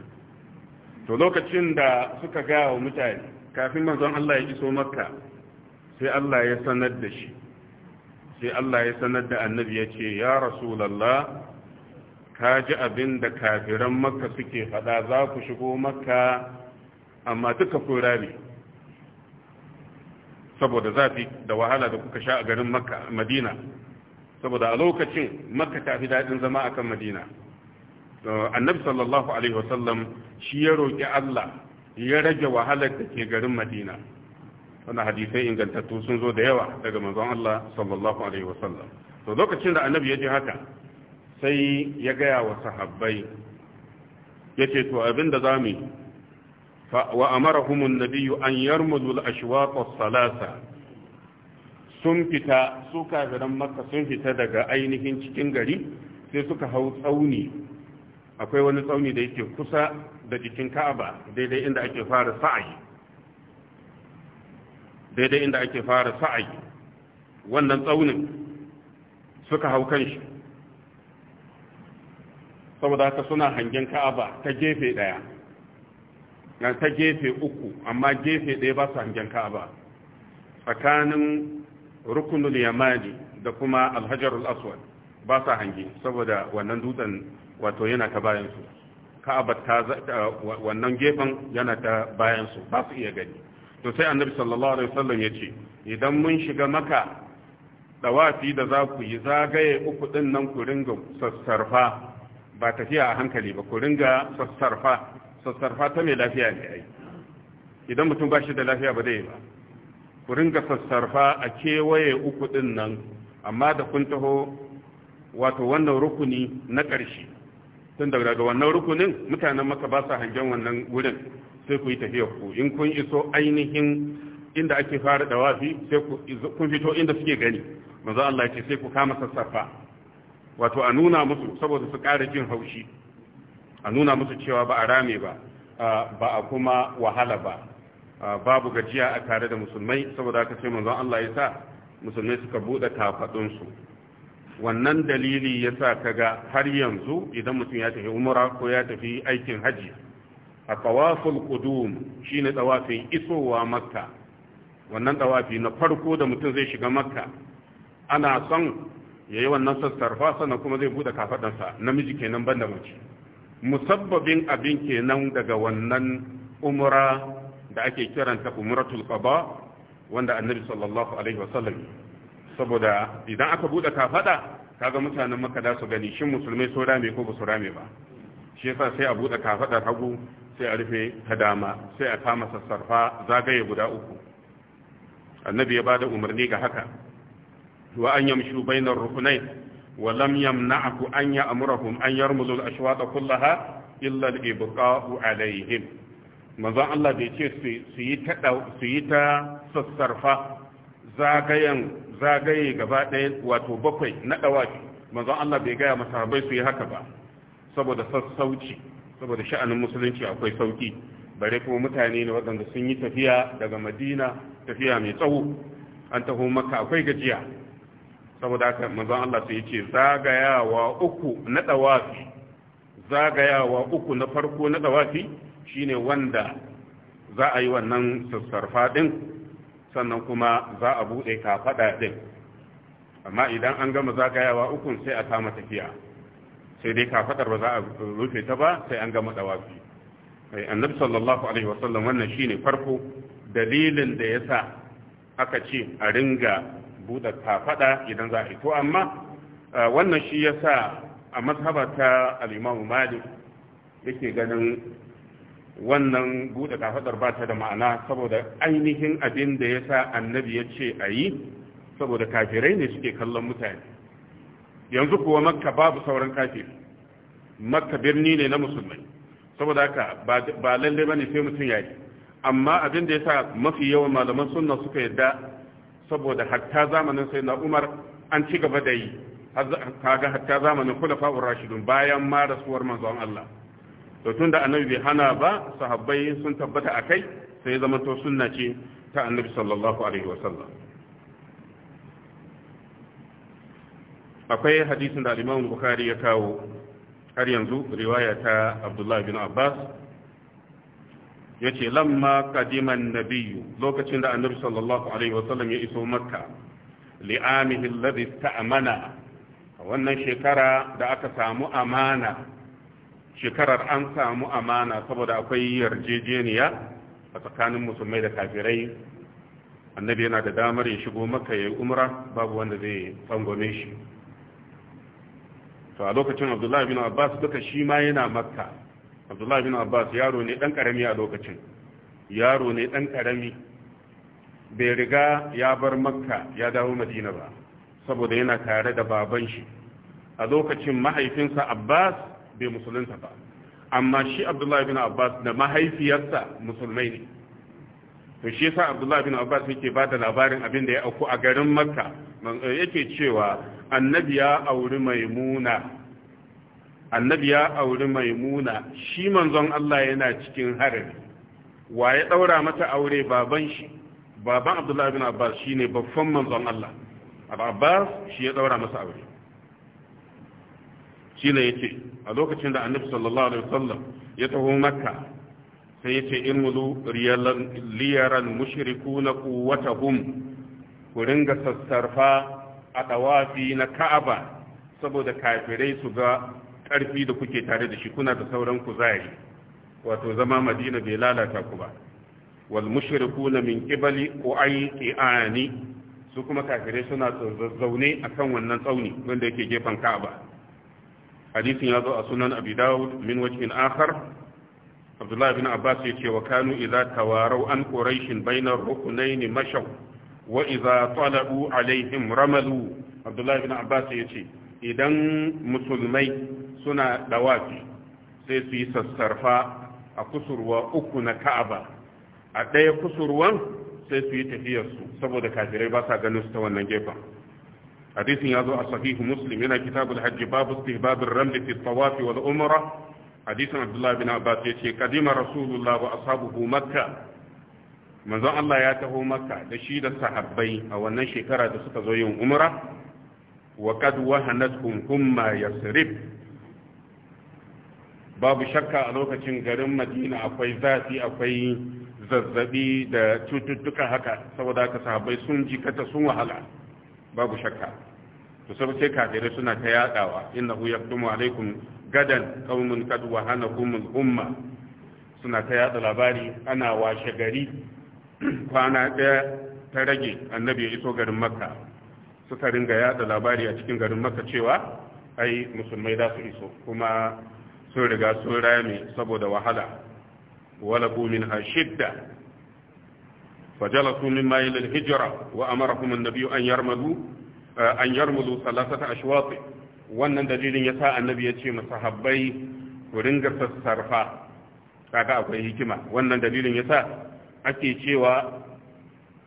[SPEAKER 1] to lokacin da suka ga mutane kafin manzon Allah ya iso makka sai Allah ya sanar da shi sai Allah ya sanar da annabi ya ce ya rasulallah ka ji abin da kafiran makka suke faɗa za ku shigo makka amma duka kura ne saboda zafi da wahala da kuka sha a garin makka madina saboda a lokacin makka ta fi daɗin zama akan madina annabi sallallahu alaihi wasallam shi ya roƙi Allah ya rage wahalar da ke garin madina wannan hadisai ingantattu sun zo da yawa daga manzon Allah sallallahu alaihi wasallam to lokacin da annabi ya ji haka sai ya gaya wa sahabbai yace to abinda zamu fa wa amarahum an-nabiy an yarmulu al-ashwaq as-salasa sun fita su kafiran makka sun fita daga ainihin cikin gari sai suka hau tsauni akwai wani tsauni da yake kusa da jikin ka'aba daidai inda ake fara sa'ayi sai dai inda ake fara sa'ayi wannan tsaunin suka hau kan shi saboda haka suna hangen ka'aba ta gefe daya na ta gefe uku amma gefe daya ba su hangen ka'aba tsakanin rukunul yamani da kuma alhajarul aswad ba sa hangi saboda wannan dutsen wato yana ta bayansu Ka'abar ta wannan gefen yana ta bayansu ba su iya gani to sai annabi sallallahu alaihi wasallam ya ce idan mun shiga maka dawafi da za ku yi zagaye uku din nan ku ringa sassarfa ba tafiya a hankali ba ku ringa sassarfa sassarfa ta mai lafiya ne ai idan mutum ba shi da lafiya ba zai ba ku ringa sassarfa a kewaye uku din nan amma da kun taho wato wannan rukuni na ƙarshe tun daga wannan rukunin mutanen maka ba sa hangen wannan wurin sai ku yi tafiya ku in kun iso ainihin inda ake fara da wafi, sai kun fito inda suke gani manzo Allah ya ce sai ku kama sassafa wato a nuna musu saboda su ƙara jin haushi a nuna musu cewa ba a rame ba ba a kuma wahala ba babu gajiya a tare da musulmai saboda aka ce manzo Allah ya sa musulmai suka bude kafadunsu wannan dalili ya sa kaga har yanzu idan mutum ya tafi umra ko ya tafi aikin hajji a tawaful qudum shine tawafin isowa makka wannan tawafi na farko da mutum zai shiga makka ana son yayi wannan sassarfa sannan kuma zai bude kafadansa namiji kenan banda mace musabbabin abin kenan daga wannan umra da ake kiranta umratul qada wanda annabi sallallahu alaihi wasallam saboda idan aka bude kafada kaga mutanen makka da su gani shin musulmai so rame ko ba su rame ba shi yasa sai a bude kafaɗar hagu sai a rufe ta dama sai a kama sassarfa zagaye guda uku annabi ya bada umarni ga haka wa an yamshu bainar rukunai wa lam yamna'ahu an ya'murahum an yarmuzul ashwata kullaha illa al-ibqa'u alaihim manzon Allah bai ce su yi ta su yi ta sassarfa zagayen zagaye gaba ɗaya wato bakwai na dawaki manzon Allah bai gaya masahabai su yi haka ba saboda sassauci saboda sha'anin musulunci akwai sauki bare kuma mutane ne waɗanda sun yi tafiya daga madina tafiya mai tsawo an taho maka akwai gajiya saboda haka manzon Allah sai yace zagayawa uku na dawafi zagayawa uku na farko na dawafi shine wanda za a yi wannan sassarfa din sannan kuma za a bude kafada din amma idan an gama zagayawa uku sai a kama tafiya sai dai kafadar ba za a rufe ta ba sai an gama dawafi mai annabi sallallahu alaihi wasallam wannan shine farko dalilin da yasa aka ce a ringa buɗe kafada idan za a yi to amma wannan shi yasa a mazhaba ta al-Imam Malik yake ganin wannan buɗe kafadar ba ta da ma'ana saboda ainihin abin da yasa annabi ya ce a yi saboda kafirai ne suke kallon mutane yanzu kuwa makka babu sauran kafiri makka birni ne na musulmai saboda haka ba lalle bane sai mutum ya yi amma abin da yasa mafi yawan malaman sunna suka yadda saboda hatta zamanin sai na umar an ci gaba da yi kaga hatta zamanin kula fa'ur rashidun bayan ma rasuwar manzon Allah to tunda annabi bai hana ba sahabbai sun tabbata akai sai zama to sunna ce ta annabi sallallahu alaihi wasallam akwai hadisin da al-Imam Bukhari ya kawo har yanzu riwaya ta Abdullah bin Abbas yace lamma qadima an-nabiyyu lokacin da annabi sallallahu alaihi wasallam ya iso makka li'amihi alladhi ta'amana wannan shekara da aka samu amana shekarar an samu amana saboda akwai yarjejeniya a tsakanin musulmai da kafirai annabi yana da damar ya shigo maka ya yi umra babu wanda zai tsangwame shi to a lokacin abdullahi bin abbas duka shi ma yana makka abdullahi bin abbas yaro ne dan karami a lokacin yaro ne dan karami bai riga ya bar makka ya dawo madina ba saboda yana tare da baban shi a lokacin mahaifinsa abbas bai musulunta ba amma shi abdullahi bin abbas da mahaifiyarsa musulmai ne to shi yasa abdullahi bin abbas yake ba da labarin abin da ya auku a garin makka Eh, yake cewa annabi ya auri maimuna annabi ya auri maimuna shi manzon Allah yana cikin harari wa ya daura mata aure baban shi baban Abdullahi bin Abbas shine babban manzon Allah Abbas shi ya daura masa aure ne yake a lokacin da annabi sallallahu alaihi wasallam ya taho makka sai yace irmulu riyalan liyaran mushrikuna quwwatahum ku ringa sassarfa a ɗawafi na ka'aba saboda kafirai su ga ƙarfi da kuke tare da shi kuna da sauran kuzari wato zama madina bai lalata ku ba wal mushrikuna min qibali qu'ay qi'ani su kuma kafirai suna zaune akan wannan tsauni wanda yake gefen Ka'aba hadisin ya zo a sunan Abi Dawud min wajhin akhar Abdullah ibn Abbas yace wa kanu idza tawarau an quraishin bainar ruknayn mashaw wa iza talabu alaihim ramalu abdullahi ibn abbas ya ce idan musulmai suna dawafi sai su yi sassarfa a kusurwa uku na ka'aba a ɗaya kusurwan sai su yi tafiyarsu saboda kafirai ba sa ganin su ta wannan gefen hadisin ya zo a sahihu muslim yana kitabu hajji babu istihbabir ramli fi tawafi wal umra hadisin abdullahi bin abbas ya ce kadima rasulullahi wa ashabuhu makka manzon Allah ya taho makka da shi da sahabbai a wannan shekara da suka zo yin umra wa kad wahanatkum humma yasrib babu shakka a lokacin garin madina akwai zafi akwai zazzabi da cututtuka haka saboda haka sahabbai sun jikata sun wahala babu shakka to sai sai kafirai suna ta yadawa innahu yaktumu alaikum gadan qaumun kad wahanakum umma suna ta yada labari ana washe gari kwana ɗaya ta rage annabi ya iso garin makka suka ringa yada labari a cikin garin makka cewa ai musulmai za su iso kuma sun riga sun rame saboda wahala wala min ha shidda fajalasu min mayil al wa amarahum an-nabi an yarmadu eh, an yarmadu salasata wannan dalilin yasa annabi ya ce masahabbai ku ringa sassarfa kaga akwai hikima wannan dalilin yasa ake cewa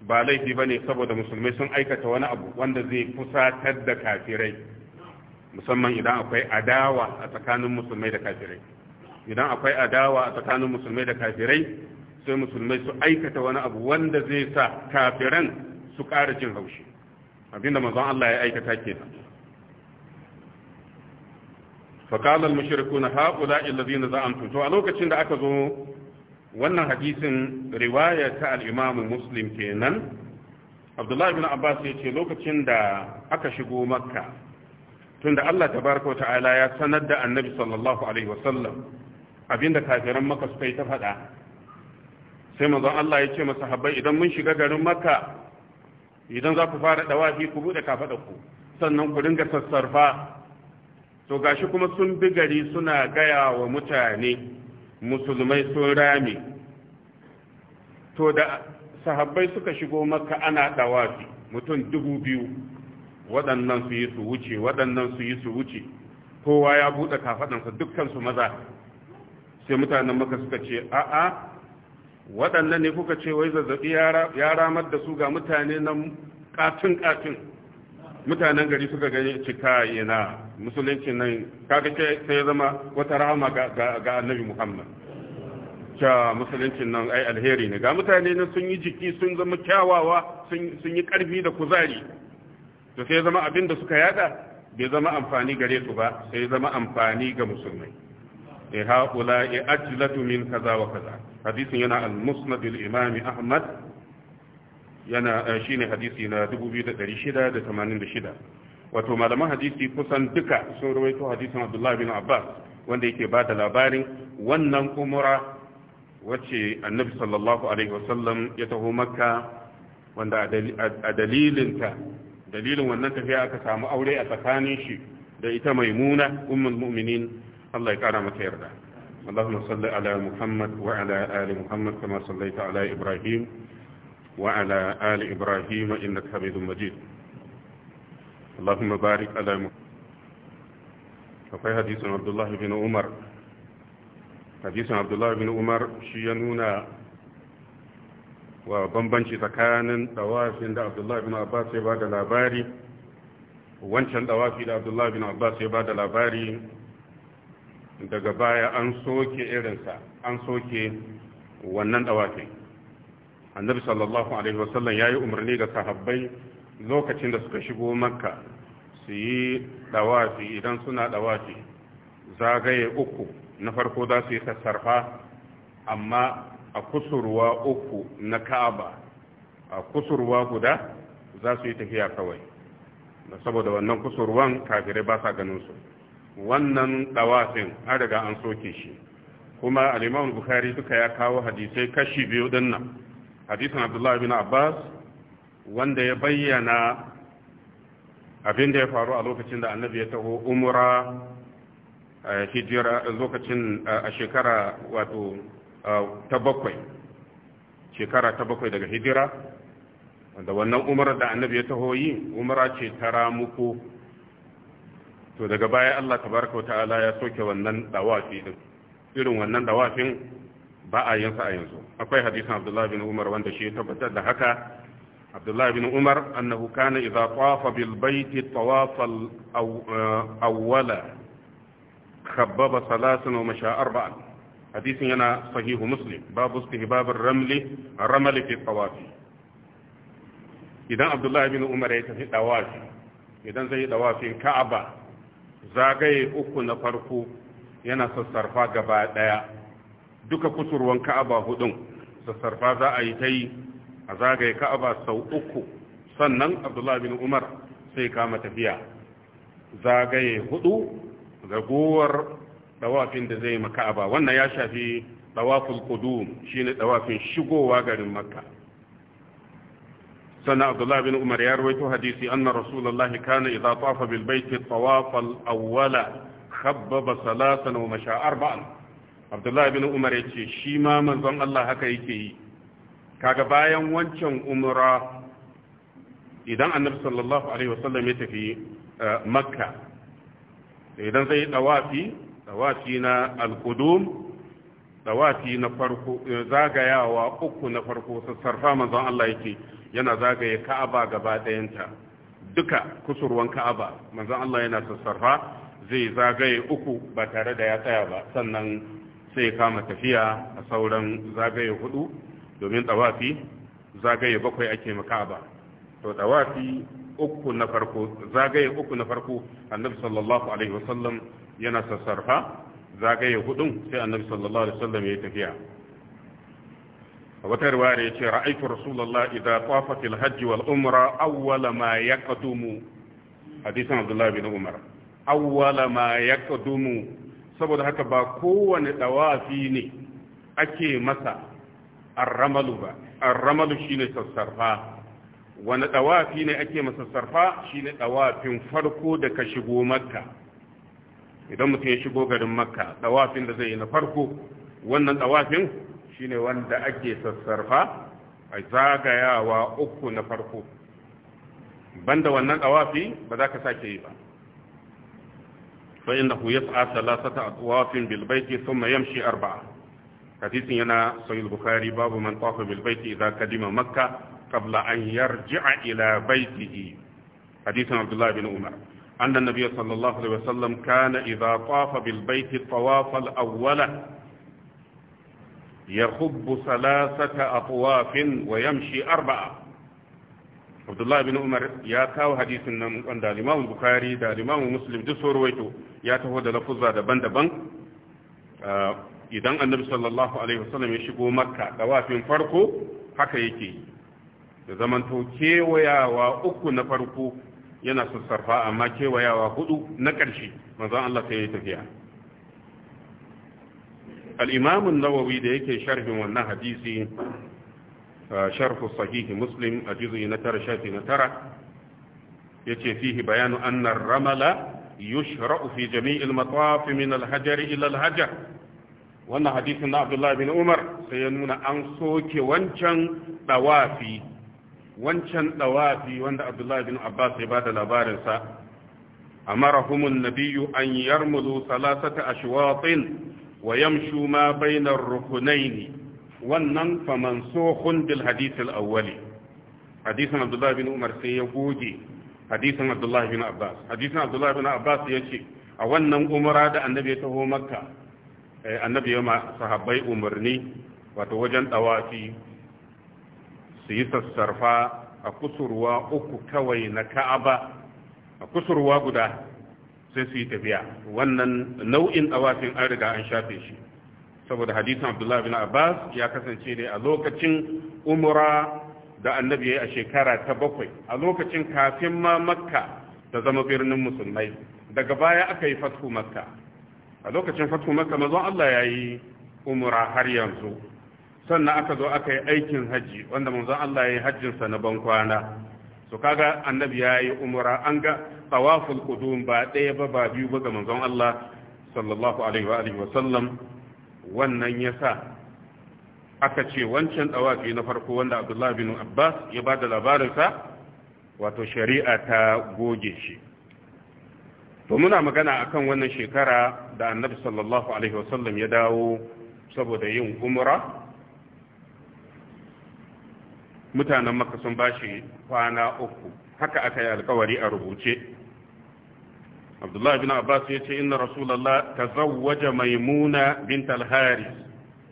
[SPEAKER 1] ba laifi ba ne saboda musulmai sun aikata wani abu wanda zai fusatar da kafirai musamman idan akwai adawa a tsakanin musulmai da kafirai idan akwai adawa a tsakanin musulmai da kafirai sai musulmai su aikata wani abu wanda zai sa kafiran su ƙara jin haushi abinda manzon Allah ya aikata ke kenan فقال المشركون هؤلاء الذين زعمتم to a lokacin da aka zo wannan hadisin riwaya ta al'imamu muslim kenan abdullahi bin abbas ya ce lokacin da aka shigo makka tunda allah tabaraka wa ta'ala ya sanar da annabi sallallahu alaihi wasallam abinda kafiran makka suka yi ta faɗa sai manzon allah ya ce masahabbai idan mun shiga garin makka idan za ku fara ɗawafi ku buɗe ku sannan ku ringa sassarfa to gashi kuma sun bi gari suna gaya wa mutane musulmai sun rami to da sahabbai suka shigo maka ana dawafi mutum dubu biyu waɗannan su yi su wuce waɗannan su yi su wuce kowa ya buɗe kafaɗansa dukkansu maza sai mutanen maka suka ce a'a waɗannan ne kuka ce wai zazzaɓi ya ramar da su ga mutane nan ƙatun-ƙatun mutanen gari suka gani cika yana musulunci nan kaga sai ya zama wata rahama ga annabi muhammad ta musuluncin nan ai alheri ne ga mutane nan sun yi jiki sun zama kyawawa sun yi karfi da kuzari to sai zama abin da suka yada bai zama amfani gare su ba sai zama amfani ga musulmai e haƙula e ajilatu min kaza wa kaza hadisin yana al-musnad al-imami ahmad yana eh, ne hadisi na 2686 wato malaman hadisi kusan duka sun rawaito hadisin abdullahi bin Abbas wanda yake ba da labarin wannan umura wacce annabi sallallahu alaihi wasallam ya taho makka wanda a dalilinta dalilin wannan tafiya aka samu aure a tsakanin shi da ita maimuna ummul mu'minin Allah ya kara mata yarda اللهم صل على محمد وعلى آل محمد كما صليت على إبراهيم وعلى آل إبراهيم إنك حميد مجيد اللهم بارك على محمد akwai hadisin abdullahi bin umar hadisin abdullahi bin umar shi ya nuna wa bambanci tsakanin dawafin da abdullahi bin abbas ya ba da labari wancan dawafi da abdullahi bin abbas ya ba da labari daga baya an soke irinsa an soke wannan dawafin annabi sallallahu alaihi wasallam ya yi umarni ga sahabbai lokacin da suka shigo makka su yi dawafi idan suna ɗawafi zagaye uku na farko za su yi sassarfa amma a kusurwa uku na ka'aba a kusurwa guda za su yi tafiya kawai saboda wannan kusurwan kafirai ba sa ganin su wannan ɗawafin har riga an soke shi kuma al bukhari suka ya kawo hadisai kashi biyu dinnan hadisin abdullahi bin abbas wanda ya bayyana abin da ya faru a lokacin da annabi ya taho umura eh, hijira lokacin eh, a shekara wato eh, ta bakwai shekara ta bakwai daga hijira wanda wannan umar da annabi ya taho yi umara ce ta ramuko to daga baya Allah tabaraka wa ta'ala ya soke wannan dawafi irin wannan dawafin ba a yin sa a yanzu akwai hadisin Abdullah bin Umar wanda shi tabbatar da haka Abdullah bin Umar annahu kana idza tawafa bil baiti tawafal eh, awwala khabbaba salasan wa masha arba'an hadisin yana sahihu Muslim babu istihbab ar-ramli ar-ramli fi tawafi idan Abdullah bin Umar ya tafi dawafi idan zai dawafin Ka'aba zagaye uku na farko yana sassarfa gaba daya duka kusurwan ka'aba hudun sassarfa za a yi ta yi a zagaye ka'aba sau uku sannan abdullahi bin umar sai kama tafiya zagaye hudu ragowar dawafin da zai ma ka'aba wannan ya shafi dawaful shi shine dawafin shigowa garin makka سنة bin umar ya rawaito hadisi anna rasulullahi kana الله كان إذا طاف بالبيت الطواف الأول خبب صلاة ومشى abdullahi bin umar ya ce shi ma manzon Allah haka yake yi kaga bayan wancan umra idan annabi sallallahu alaihi wasallam ya tafi eh, makka idan zai dawafi dawafi na alqudum dawafi na farko eh, zagayawa uku na farko sassarfa manzon Allah yake yana zagaye ka'aba gaba ɗayanta duka kusurwan ka'aba manzon Allah yana sassarfa zai zagaye uku ba tare da ya tsaya ba sannan sai kama tafiya a sauran zagaye hudu domin tawafi zagaye bakwai ake makaba to tawafi uku na farko zagaye uku na farko annabi sallallahu alaihi wasallam yana sassarfa zagaye hudun sai annabi sallallahu alaihi wasallam ya tafiya a wata riwaya ya ce ra'aytu rasulullah idza tafa fil hajj wal umra awwala ma yaqdumu hadisan abdullah bin umar awwala ma yaqdumu saboda haka ba kowane dawafi ne ake masa arramalu ba arramalu shine sassarfa wani dawafi ne ake masa sarfa shine dawafin farko da ka shigo makka idan mutum ya shigo garin makka dawafin da zai yi na farko wannan dawafin shine wanda ake sassarfa a zagayawa uku na farko banda wannan dawafi ba za ka sake yi ba فإنه يسعى ثلاثة أطواف بالبيت ثم يمشي أربعة حديث هنا صحيح البخاري باب من طاف بالبيت إذا قدم مكة قبل أن يرجع إلى بيته حديث عبد الله بن عمر أن النبي صلى الله عليه وسلم كان إذا طاف بالبيت الطواف الأول يخب ثلاثة أطواف ويمشي أربعة عبد الله بن عمر يا كاو حديث عند الإمام البخاري دا الإمام مسلم دسور ويتو ya taho da lafuzza daban-daban ah, idan annabi sallallahu alaihi wasallam ya shigo makka dawafin farko haka yake yi da zamanto kewayawa uku na farko yana sassarfa amma kewayawa hudu na ƙarshe manzon Allah sai ya tafiya al-imam an-nawawi da yake sharhin wannan hadisi ah, sharh sahih muslim a juz'i na 9 yace fihi ramala yushra'u fi jami'il matawaf min al-hajar ila wannan hadisin na Abdullah bin Umar sai ya nuna an soke wancan dawafi wancan dawafi wanda Abdullah bin Abbas ya bada labarin sa amarahum nabiyyu an yarmulu salasata ashwatin wa yamshu ma bainar rukunaini wannan famansukhun bil hadith al-awwali hadisin Abdullah bin Umar sai ya goge hadisin abdullahi bin abbas hadisin abdullahi bin abbas ya ce a wannan umara da annabi ya taho makka eh, annabi ya ma sahabbai umarni wato wajen dawafi su yi sassarfa a kusurwa uku kawai na ka'aba a kusurwa guda sai su yi tafiya wannan nau'in dawafin an riga an shafe shi saboda hadisin abdullahi bin abbas ya kasance ne a lokacin umara. da annabi ya yi a shekara ta bakwai a lokacin kafin ma makka ta zama birnin musulmai daga baya aka yi fatku makka a lokacin fatku makka mazan allah ya yi umura har yanzu sannan aka zo aka yi aikin hajji wanda manzon allah ya yi hajjinsa na ban kwana to kaga annabi ya yi umura an ga tawaful qudum ba ɗaya ba ba biyu ba ga manzon allah sallallahu alaihi wa sallam wannan yasa aka ce wancan dawafi na farko wanda abdullahi bin abbas ya ba da labarinsa wato shari'a ta goge shi to muna magana akan wannan shekara da annabi sallallahu alaihi wasallam ya dawo saboda yin umra mutanen maka sun bashi kwana uku haka aka yi alkawari a rubuce abdullahi bin abbas ya ce inna rasulallah tazawwaja maimuna bint al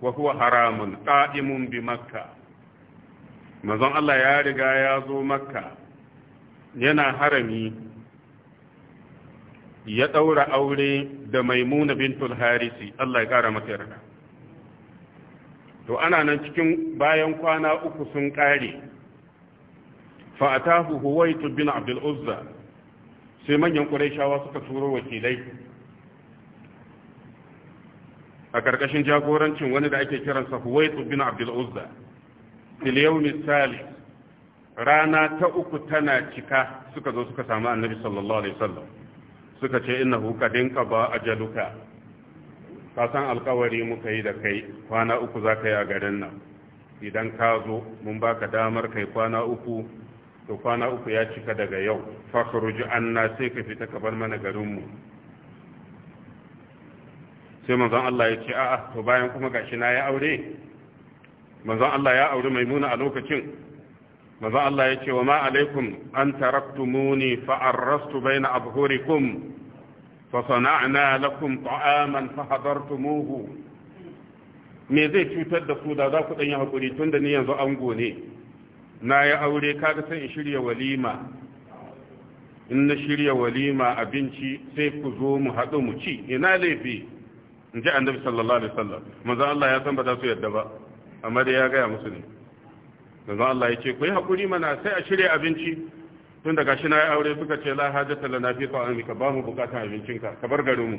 [SPEAKER 1] wa huwa haramun ƙaimun bi makka manzon Allah ya riga ya zo makka yana harami ya daura aure da maimuna bintul harisi Allah ya kara mata yarda to ana nan cikin bayan kwana uku sun kare fa atahu huwayt bin abdul uzza sai manyan quraishawa suka turo wakilai a ƙarƙashin jagorancin wani da ake kiransa huwaitu bin abdul uzza filiyau misali rana ta uku tana cika suka zo suka samu annabi sallallahu alaihi wasallam suka ce inna hukadin ka ba ajaluka ka san alkawari muka yi da kai kwana uku za ka yi a garin nan idan ka zo mun baka damar kai kwana uku to kwana uku ya cika daga yau fakhruj anna sai ka fita ka bar mana garinmu sai manzon Allah ya ce a'a to bayan kuma gashi na ya aure manzon Allah ya aure maimuna a lokacin manzon Allah ya ce wa ma alaikum an taraktumuni fa arrastu baina abhurikum fa sana'na lakum ta'aman fa hadartumuhu me zai cutar da ku da za ku dan yi hakuri tunda ni yanzu ango ne na ya aure kaga sai in shirya walima in na shirya walima abinci sai ku zo mu haɗu mu ci ina laifi in ji annabi sallallahu alaihi wasallam manzo Allah ya san ba za su yadda ba amma dai ya gaya musu ne manzo Allah ya ce ku yi hakuri mana sai a shirya abinci tun daga shi na yi aure suka ce la la lana an ta'amika ba mu bukatan abincinka ka bar garin mu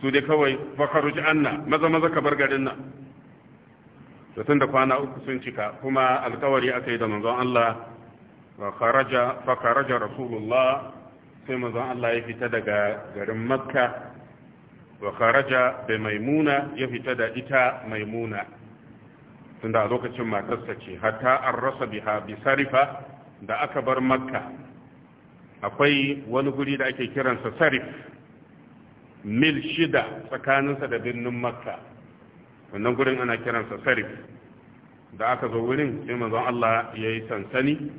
[SPEAKER 1] su dai kawai kharuj anna maza maza ka bar garin nan to tun da kwana uku sun cika kuma alkawari aka yi da manzon Allah wa kharaja fa kharaja rasulullah sai manzon Allah ya fita daga garin makka wa kharaja da maimuna ya fita da ita maimuna tunda a lokacin matarsa ce hatta an rasa biha bi sarifa da aka bar makka akwai wani guri da ake kiransa sarif mil shida tsakaninsa da birnin makka wannan gurin ana kiransa sarif da aka zo wurin sai manzon Allah ya yi sansani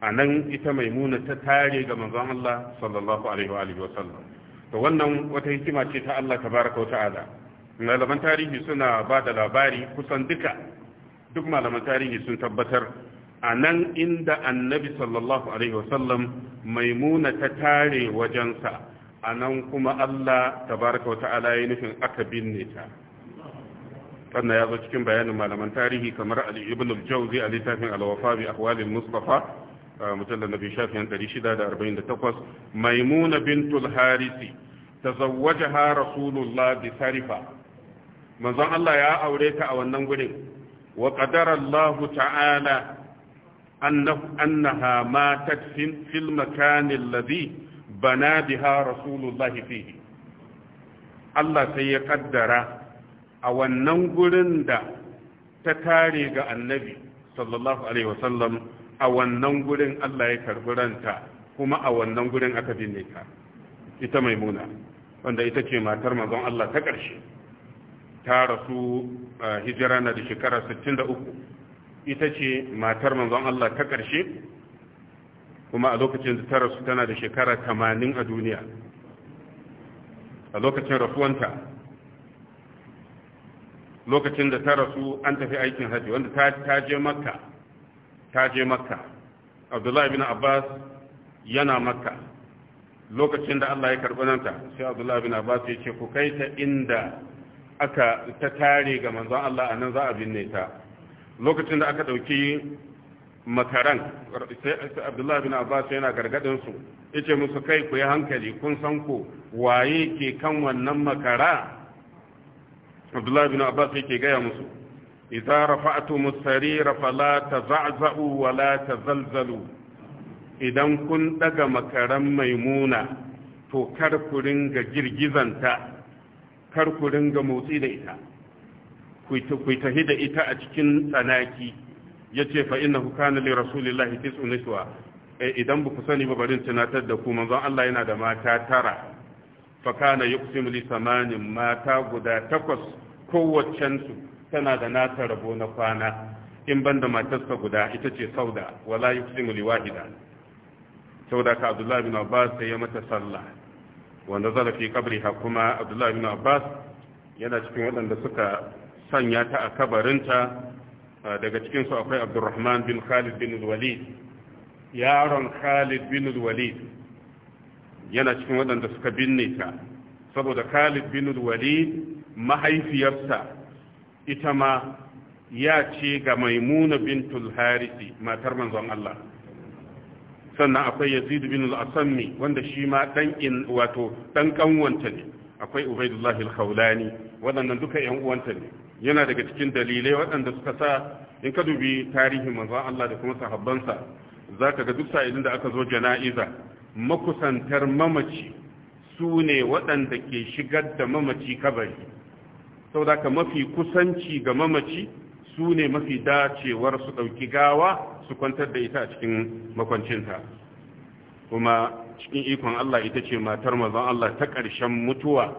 [SPEAKER 1] a nan ita maimuna ta tare ga manzon Allah sallallahu alaihi wa sallam to wannan wata hikima ce ta Allah tabaraka wa ta'ala malaman tarihi suna ba da labari kusan duka duk malaman tarihi sun tabbatar a nan inda annabi sallallahu alaihi wasallam maimuna ta tare wajensa a nan kuma Allah tabaraka wa ta'ala ya nufin aka binne ta wannan ya zo cikin bayanin malaman tarihi kamar al-ibn al-jawzi a littafin al-wafa bi ahwalil mustafa mujallar na biyu shafin 648 maimuna bintul harisi tazawwajaha rasulullah bi sarifa manzon Allah ya aure ta a wannan gurin wa qadara ta'ala annaha matat fil makani alladhi bana biha rasulullah fihi Allah sai ya ƙaddara a wannan gurin da ta tare ga annabi sallallahu alaihi wasallam a wannan gurin Allah ya karbi ranta kuma a wannan gurin aka binne ta ita maimuna wanda ita ce matar manzon Allah ta ƙarshe ta rasu hijira na da shekara 63 ita ce matar manzon Allah ta ƙarshe kuma a lokacin da ta rasu tana da shekara 80 a duniya a lokacin rasuwanta lokacin da ta rasu an tafi aikin hajji wanda ta je makka ta je makka abdullahi bin abbas yana makka lokacin da allah ya karɓi nanta sai abdullahi bin abbas ya ce ku kai ta inda aka ta tare ga manzon allah a nan za a binne ta lokacin da aka ɗauki makaran abdullahi bin abbas yana gargadin su ce musu kai ku yi hankali kun san ku waye ke kan wannan makara abdullahi bin abbas yake gaya musu idza rafa'tum as-sarira idan kun ɗaga makaran maimuna to kar ku ringa girgizanta kar ku ringa motsi da ita ku tahi da ita a cikin tsanaki yace fa innahu kana li rasulillahi tis'un niswa idan ba ku sani ba barin tunatar da ku manzon Allah yana da mata tara fa kana yuqsimu li samanin mata guda takwas kowaccen su tana da nata rabo na kwana in ban da matarsa guda ita ce sauda wala yuqsimu liwahida sauda ka abdullahi bin abbas sai ya mata sallah wa nazara fi qabriha kuma abdullahi bin abbas yana cikin waɗanda suka sanya ta a kabarinta daga cikinsu akwai abdurrahman bin khalid bin walid yaron khalid bin walid yana cikin waɗanda suka binne ta saboda khalid bin walid mahaifiyarsa ita ma ya ce ga maimuna bintul harisi matar manzon Allah sannan akwai yazid bin al-asammi wanda shi ma dan in wato dan kanwanta ne akwai ubaidullah al-khawlani waɗannan duka yan uwanta ne yana daga cikin dalilai waɗanda suka sa in ka dubi tarihin manzon Allah da kuma sahabbansa zaka ga duk sa'ilin da aka zo jana'iza makusantar mamaci su ne waɗanda ke shigar da mamaci kabari saboda ka mafi kusanci ga mamaci su ne mafi dacewar su ɗauki gawa su kwantar da ita a cikin makwancinta kuma cikin ikon Allah ita ce matar mazan Allah ta ƙarshen mutuwa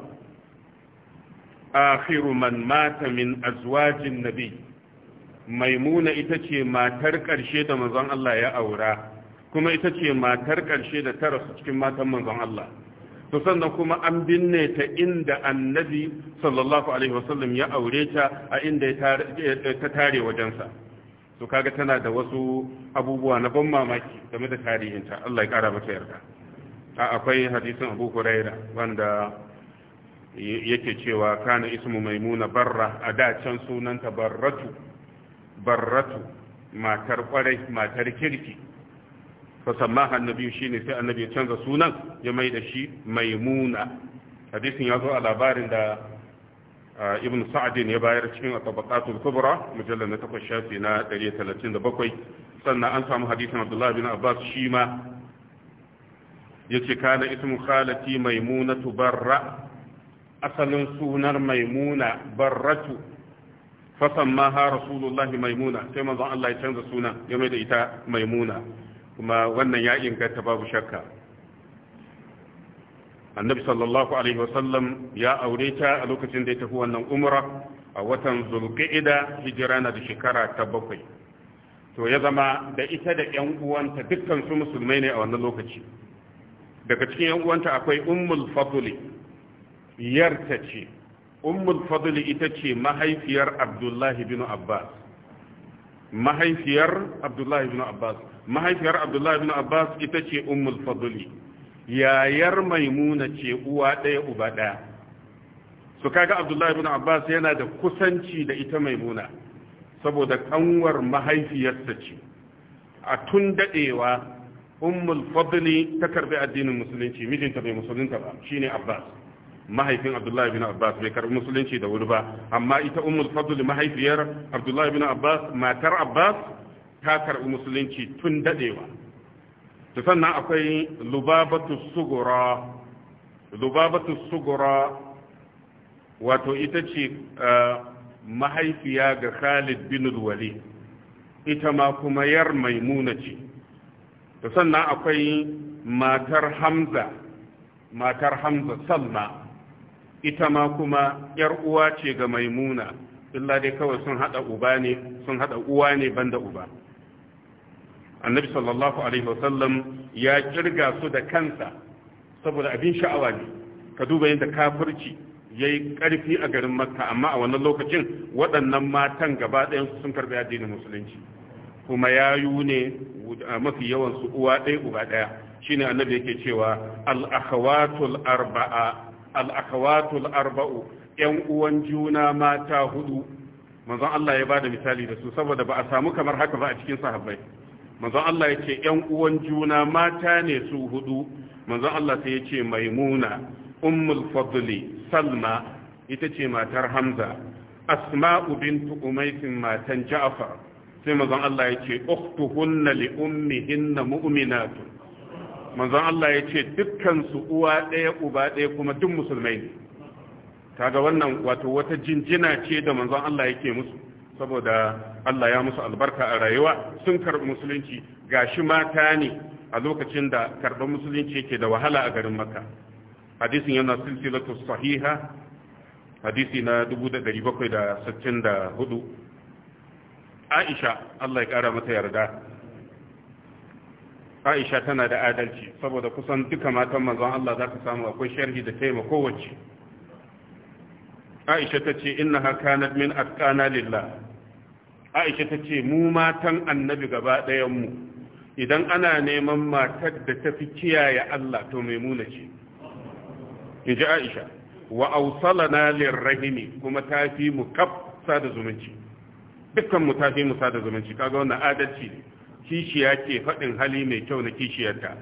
[SPEAKER 1] akhiru man mata min azwajin nabi maimuna ita ce matar ƙarshe da mazan Allah ya aura kuma ita ce matar ƙarshe da ta rasu cikin matan mazan Allah to sannan kuma an binne ta inda annabi sallallahu alaihi wasallam ya aure ta a inda ta tare wajensa to kaga tana da wasu abubuwa na ban mamaki game da tarihinta Allah ya kara mata yarda akwai hadisin Abu Huraira wanda yake cewa kana ismu maimuna barra a da can sunanta barratu barratu matar kwarai matar kirki fasammaha annabi shine sai annabi ya canza sunan ya mai shi maimuna hadisin ya zo a labarin da uh, ibn sa'adin ya bayar cikin tabaqatul kubra mujallar na 8 shafi na 137 sannan an samu hadisin abdullahi bin abbas shi ma yace kana ismu khalati maimunatu barra asalin sunar maimuna barratu fasammaha rasulullahi maimuna sai manzon Allah ya canza sunan ya mai da ita maimuna kuma wannan ya inganta babu shakka annabi sallallahu alaihi wasallam ya aure ta a lokacin da ya tafi wannan umra a watan zulqa'ida hijira na da shekara ta bakwai to ya zama da ita da yan uwanta dukkan su musulmai ne a wannan lokaci daga cikin yan uwanta akwai ummul fadli yarta ce ummul fadli ita ce mahaifiyar abdullahi bin abbas mahaifiyar abdullahi ibn abbas mahaifiyar abdullahi ibn abbas ita ce ummul fadli yayar maimuna ce uwa ɗaya uba ɗaya su kaga abdullahi ibn abbas yana da kusanci da ita maimuna saboda kanwar mahaifiyarsa ce a tun daɗewa ummul fadli ta karbi addinin musulunci mijinta bai musulunta ba shine abbas mahaifin abdullahi bin abbas bai karbi musulunci da wuri ba amma ita ummul fadl mahaifiyar abdullahi bin abbas matar abbas ta karbi musulunci tun dadewa to sannan akwai lubabatu sugura lubabatu sugura wato ita ce eh, mahaifiya ga khalid bin walid ita ma kuma yar maimuna ce to sannan akwai matar hamza matar hamza salma ita ma kuma yar uwa ce ga maimuna illa dai kawai sun hada uba ne sun hada uwa ne banda uba annabi sallallahu alaihi wasallam ya kirga su da kansa saboda abin sha'awa ne ka duba yadda kafirci yayi karfi a garin makka amma a wannan lokacin waɗannan matan gaba ɗaya sun karɓi addinin musulunci kuma yayu ne mafi yawansu uwa ɗaya uba ɗaya shine annabi yake cewa al-akhawatul arba'a Al'akawatul arba'u yan uwan juna mata hudu manzon Allah ya da misali da su saboda ba a samu kamar haka ba a cikin sahabbai manzon Allah ya ce yan uwan juna mata ne su hudu manzon Allah sai ya ce maimuna ummul fadli salma ita ce matar hamza asma'u bintu umaysin matan ja'far sai manzon Allah ya ce ukhtuhunna li ummihinna mu'minatun manzon Allah ya ce dukkansu uwa ɗaya uba ɗaya kuma duk musulmai ne kaga wannan wato wata jinjina ce da manzon Allah yake musu saboda Allah ya musu albarka a rayuwa sun karɓi musulunci gashi mata ne a lokacin da karɓar musulunci yake da wahala a garin makka hadisin yana silsilatu sahiha hadisi na 1764 Aisha Allah ya kara mata yarda aisha tana da adalci saboda kusan duka matan manzon Allah za ka samu akwai sharhi da taima kowace aisha ta ce inna kanat min atqana lillah aisha ta ce mu matan annabi gaba ɗayanmu idan ana neman matar da ta fi kiyaye Allah to muna ce in ji aisha wa na lirrahimi kuma ta fi mu kaf sada zumunci dukkan mu ta fi mu sada zumunci kaga wannan adalci ne kishiya ke faɗin hali mai kyau na kishiyarta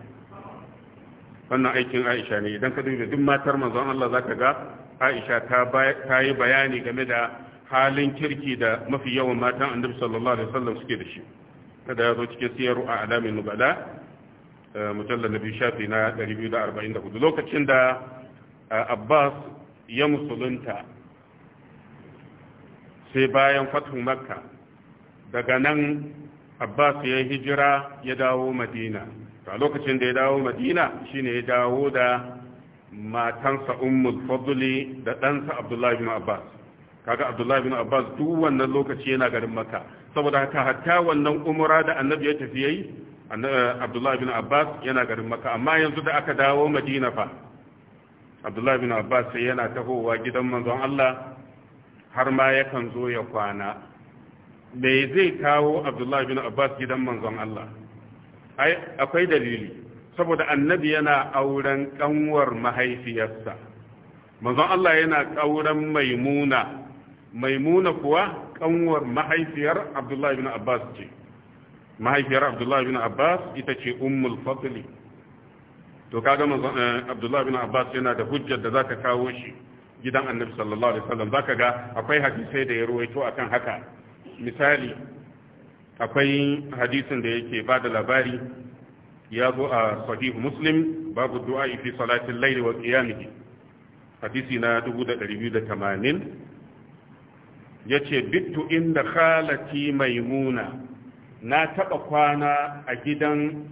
[SPEAKER 1] wannan aikin aisha ne idan ka dubi duk matar manzon Allah za ka ga aisha ta yi bayani game da halin kirki da mafi yawan matan annabi sallallahu alaihi wasallam suke da shi kada ya zo cikin siyaru a alamin nubala eh, mujallar nabi shafi na 244 lokacin da eh, abbas ya musulunta sai bayan fatun makka daga nan abbas ya yi hijira ya dawo madina a lokacin da ya dawo madina ne ya dawo da matansa ummul fadli da ɗansa abdullahi bin abbas kaga abdullahi bin abbas duk wannan lokaci yana garin maka saboda haka hatta wannan umura da annabi ya tafi yayi eh, abdullahi bin abbas yana garin maka amma yanzu da aka dawo madina fa abdullahi bin abbas sai yana tahowa gidan manzon allah har ma yakan zo ya kwana me zai kawo abdullahi bin abbas gidan manzon Allah ai akwai dalili saboda annabi yana auren kanwar mahaifiyarsa manzon Allah yana auren maimuna maimuna kuwa kanwar mahaifiyar abdullahi bin abbas ce mahaifiyar abdullahi bin abbas ita ce ummul fadli to kaga manzon eh, abdullahi bin abbas yana da hujjar da zaka kawo shi gidan annabi sallallahu alaihi wasallam zaka ga akwai hadisai da ya ruwaito akan haka misali akwai hadisin da yake ba da labari ya zo a sahih muslim babu du'a fi salatin laili wa qiyamihi hadisi na 2280 yace bittu inda khalati maimuna na taba kwana a gidan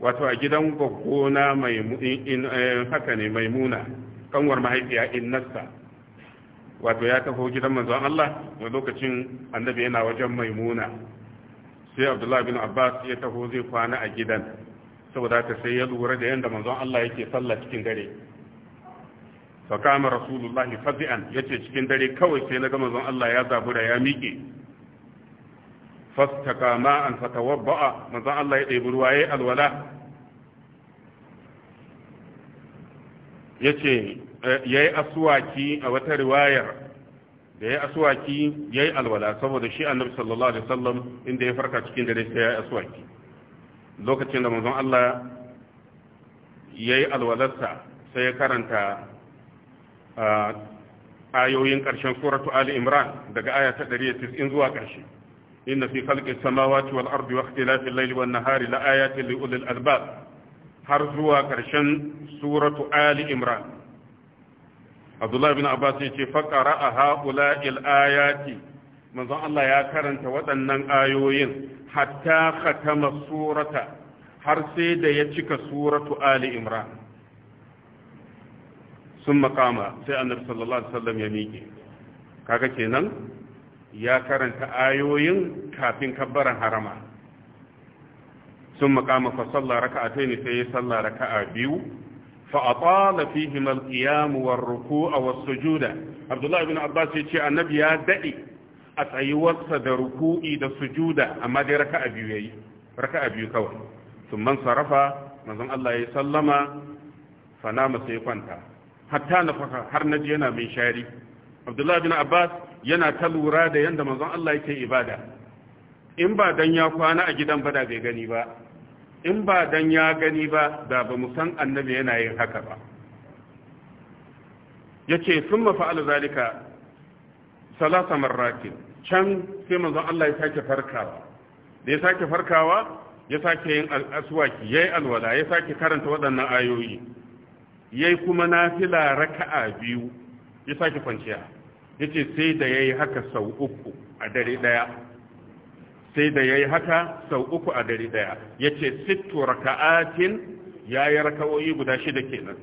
[SPEAKER 1] wato a gidan gogona maimuna eh, haka ne maimuna kanwar mahaifiya innasa wato ya taho gidan manzon Allah wani lokacin annabi yana wajen maimuna sai abdullahi bin abbas ya taho zai kwana a gidan saboda ta sai ya lura da yadda manzon Allah yake sallah cikin dare fa kama rasulullah fazi'an yace cikin dare kawai sai na ga manzon Allah ya zabura ya miƙe fastaka ma'an fatawabba'a manzon Allah ya ɗebi ruwa yayi alwala yace Eh, ya yi asuwaki a wata riwayar da ya asuwaki ya yi alwala saboda shi annabi sallallahu alaihi wasallam inda ya farka cikin dare sai ya yi asuwaki lokacin da manzon Allah ya yi alwalarsa sai ya karanta ayoyin ƙarshen suratu Ali Imran daga aya ta 190 zuwa ƙarshe inna fi khalqi samawati wal ardi wa ikhtilafi al-layli wan nahari la ayatin li ulil albab har zuwa ƙarshen suratu Ali Imran abdullahi bin abbas ya ce faƙara a haƙula il'ayati manzon allah ya karanta waɗannan ayoyin hatta khatama surata har sai da ya cika suratu ali imran sun makama sai annabi sallallahu alaihi wasallam ya miƙe kaga kenan ya karanta ayoyin kafin kabbaran harama sun makama fa sallah raka'atayn sai ya sallah raka'a biyu فأطال فيهما القيام والركوع والسجود عبد الله بن عباس يتي النبي يدعي دئي وقت دا ركوعي دا سجودة أما دي ركع أبيوي ركع أبيو كوي ثم انصرف منظم الله يسلم فنام سيقنتا حتى نفخ har na yana mai shari abdullahi bin abbas yana ta lura da yadda manzon Allah yake ibada in ba dan ya kwana a gidan bada bai gani in ba dan ya gani ba da ba mu san annabi yana yin haka ba yace sun al zalika salasa marratin can sai manzo Allah ya sake farkawa da ya sake farkawa ya sake yin aswaki yayi alwala ya sake karanta waɗannan ayoyi yayi kuma nafila raka'a biyu ya sake kwanciya yace sai da yayi haka sau uku a dare ɗaya. sai da yayi haka sau uku a dare daya yace sittu raka'atin yayi raka'o'i guda shida kenan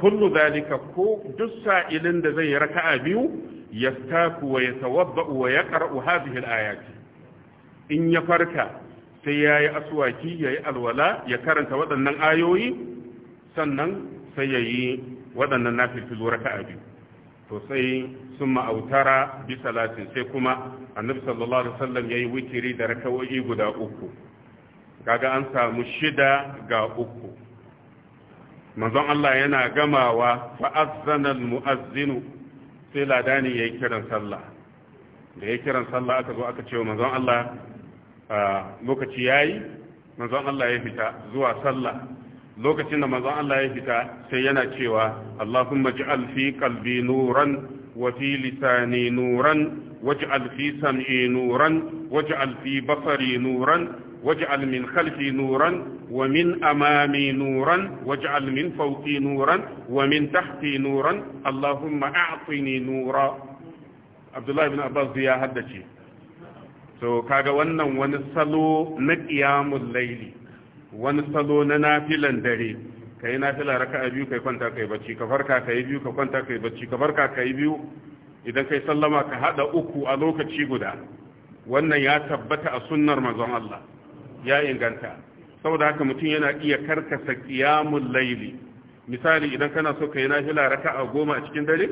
[SPEAKER 1] kullu zalika ko duk sa'ilin da zai raka'a biyu yastaku wa ya wa yaqra'u hadhihi al-ayati in ya farka sai yayi aswaki yayi alwala ya karanta waɗannan ayoyi sannan sai yayi waɗannan nafilu raka'a biyu Sosai sun ma'autara bi salatin sai kuma annabi sallallahu alaihi wasallam yayi witiri da rakawoyi guda uku kaga an samu shida ga uku manzon Allah yana gamawa fa azzana al muazzinu sai ladani yayi kiran sallah da ya kiran sallah aka zo aka ce wa manzon Allah ah, lokaci yayi manzon Allah ya fita zuwa sallah lokacin da manzon Allah ya fita sai yana cewa Allahumma ij'al fi qalbi nuran wa fi lisani nuran waj'al fi sam'i nuran waj'al fi basari nuran waj'al min khalfi nuran wa min amami nuran waj'al min fawqi nuran wa min tahti nuran Allahumma a'tini nura Abdullah ibn Abbas ya haddace so kaga wannan wani salo na qiyamul layli wani salo na nafilan dare ka yi nafila raka'a biyu kai kwanta kai bacci ka farka kai biyu ka kwanta kai bacci ka farka kai biyu idan kai sallama ka hada uku a lokaci guda wannan ya tabbata a sunnar mazan Allah ya inganta saboda haka mutum yana iya karkasa qiyamul layli misali idan kana so kai nafila raka'a goma a cikin dare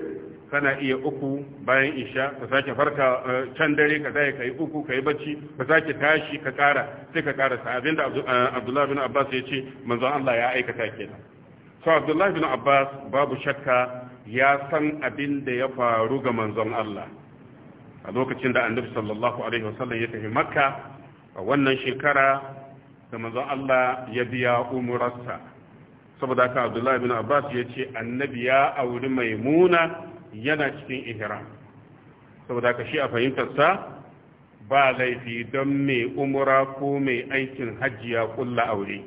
[SPEAKER 1] kana iya uku bayan isha ka sake farka eh, can dare ka zai kai yi uku ka yi bacci ka sake tashi ka kara sai ka kara sa abinda eh, abdullahi bin abbas ya ce manzon Allah ya aikata kenan so abdullahi bin abbas babu shakka ya san abin da ya faru ga manzon Allah a lokacin da annabi sallallahu alaihi wasallam ya tafi makka a wannan shekara da manzon Allah ya biya umurarsa saboda ka abdullahi bin abbas ya ce annabi ya auri maimuna yana cikin ihram saboda ka shi a fahimtarsa ba laifi don mai umura ko mai aikin hajji ya kulla aure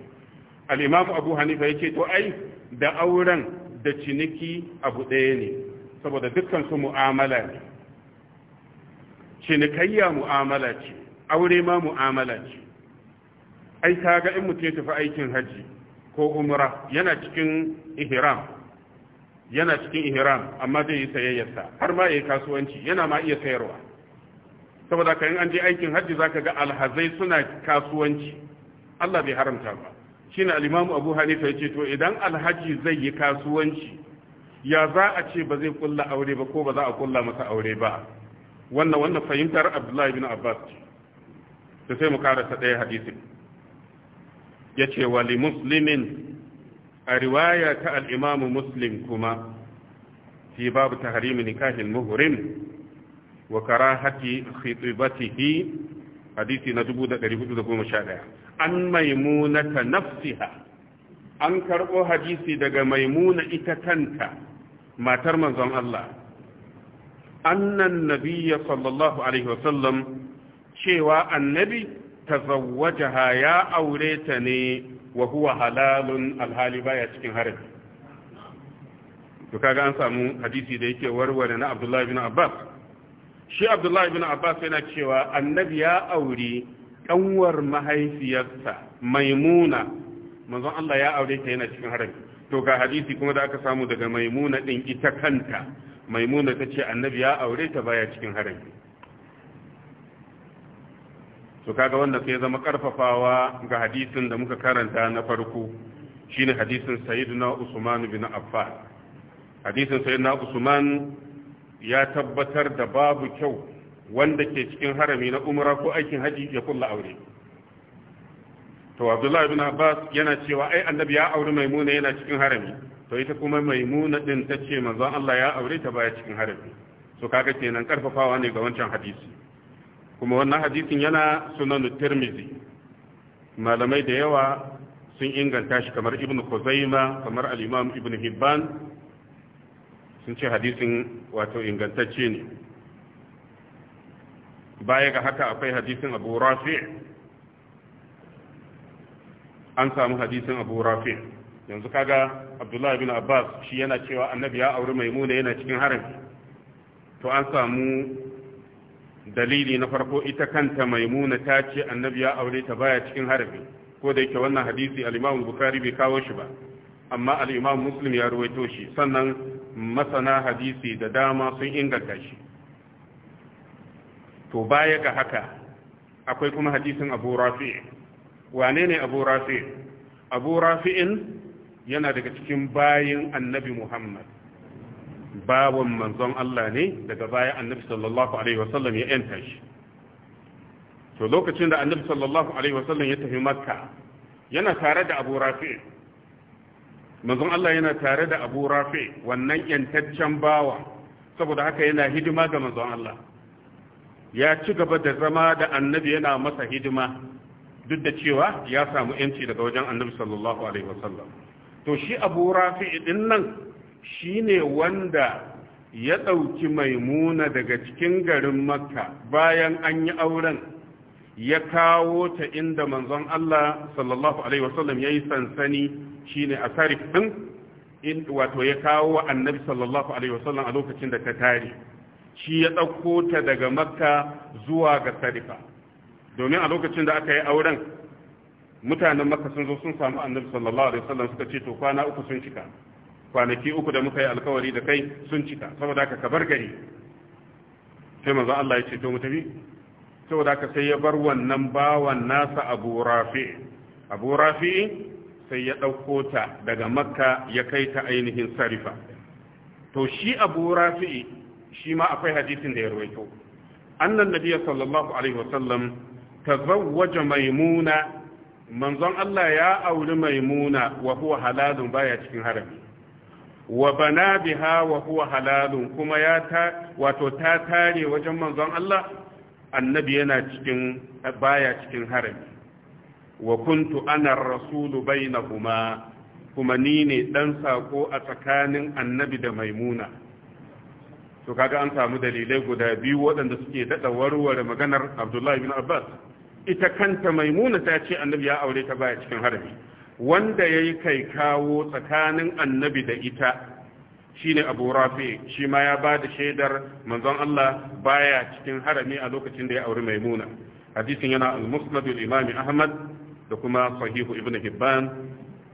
[SPEAKER 1] al'imamu abu hanifa ya ce to ai da auren da ciniki abu ɗaya ne saboda dukkan su mu'amala ne cinikayya mu'amala ce aure ma mu'amala ce ai kaga in mutum ya tafi aikin hajji ko umra yana cikin ihram yana cikin ihram amma zai yi sayayyarsa har ma yayi kasuwanci yana ma iya sayarwa saboda ka in an je aikin hajji zaka ga alhazai suna kasuwanci Allah bai haramta ba shine al-Imam Abu Hanifa yace to idan alhaji zai yi kasuwanci ya za a ce ba zai kulla aure ba ko ba za a kulla masa aure ba wannan wannan fahimtar Abdullahi bin Abbas ce sai mu karanta ɗaya hadisi yace wa li muslimin a riwaya ta al'imamu muslim kuma fi babu ta harimu nikahin muhurim wa kara haƙi khitibatihi hadisi na 1411 an maimunata nafsiha an karɓo hadisi daga maimuna ita kanta matar manzon Allah annan nabiyya sallallahu alaihi wasallam cewa annabi tazawwajaha ya aure ta ne wa huwa halalun alhali baya cikin harin. to kaga an samu hadisi da yake warware na Abdullahi bin Abbas shi Abdullahi bin Abbas yana cewa annabi ya aure kanwar mahaifiyarsa maimuna manzon Allah ya aure ta yana cikin harabi to ga hadisi kuma da aka samu daga maimuna din ita kanta maimuna tace ce annabi ya aure ta baya cikin harabi to kaga wanda sai zama karfafawa ga hadisin da muka karanta na farko shine hadisin sayyidina Usman bin Affan hadisin sayyidina Usman ya tabbatar da babu kyau wanda ke cikin harami na umra ko aikin haji ya kulla aure to Abdullahi bin Abbas yana cewa ai annabi ya aure Maimuna yana cikin harami to ita kuma Maimuna din tace manzon Allah ya aure ta baya cikin harami to kaga kenan karfafawa ne ga wancan hadisi kuma wannan hadisin yana sunan tirmizi malamai da yawa sun inganta shi kamar ibn khuzaima kamar al-imam ibn hibban sun ce hadisin wato ingantacce ne baya ga haka akwai hadisin abu rafi an samu hadisin abu rafi yanzu kaga abdullahi bin abbas shi yana cewa annabi ya auri maimuna yana cikin harin to an samu dalili na farko ita kanta maimuna ta ce annabi ya aure ta baya cikin harbi. ko da yake wannan hadisi al-imam bukhari bai kawo shi ba amma al-imam muslim ya ruwaito shi sannan masana hadisi da dama sun inganta shi to baya ga haka akwai kuma hadisin abu rafi wane ne abu rafi abu rafi'in yana daga cikin bayin annabi muhammad bawan manzon Allah ne daga baya annabi sallallahu alaihi wasallam ya yanta shi to lokacin da annabi sallallahu alaihi wasallam ya tafi makka yana tare da abu rafi manzon Allah yana tare da abu rafi wannan yantaccen bawa saboda haka yana hidima ga manzon Allah ya ci gaba da zama da annabi yana masa hidima duk da cewa ya samu yanci daga wajen annabi sallallahu alaihi wasallam to shi abu rafi din nan Shi ne wanda ya ɗauki maimuna daga cikin garin makka bayan an yi auren ya kawo ta inda manzon Allah sallallahu alaihi wasallam ya yi sansani shi ne a sarif ɗin wato ya kawo annabi sallallahu alaihi wasallam a lokacin da ta tare shi ya ɗauko ta daga makka zuwa ga sarifa domin a lokacin da aka yi auren mutanen makka sun zo sun samu annabi sallallahu alaihi wasallam suka ce to kwana uku sun cika kwanaki uku da muka yi alkawari da kai sun cika saboda haka ka bar gari sai manzo Allah ya ce to mu saboda haka sai ya bar wannan bawan nasa Abu Rafi Abu Rafi sai ya ɗauko ta daga Makka ya kai ta ainihin Sarifa to shi Abu Rafi shi ma akwai hadisin da ya rawaito annan nabiyyi sallallahu alaihi wasallam tazawwaja maimuna manzon Allah ya auri maimuna wa huwa halalun baya cikin harami wa bana biha wa huwa halalun kuma ya ta wato ta tare wajen manzon Allah annabi yana cikin baya cikin harami wa kuntu ana rasulu bainahuma kuma ni ne dan sako a tsakanin annabi da maimuna to kaga an samu dalilai guda biyu waɗanda suke daɗa warware maganar abdullahi bin abbas ita kanta maimuna ta ce annabi ya aure ta baya cikin harami wanda ya yi kai kawo tsakanin annabi da ita shine abu rafi shi ma ya ba da shaidar manzon Allah baya cikin harami a lokacin da ya auri maimuna hadisin yana al-musnad al-imam ahmad da kuma sahihu ibn hibban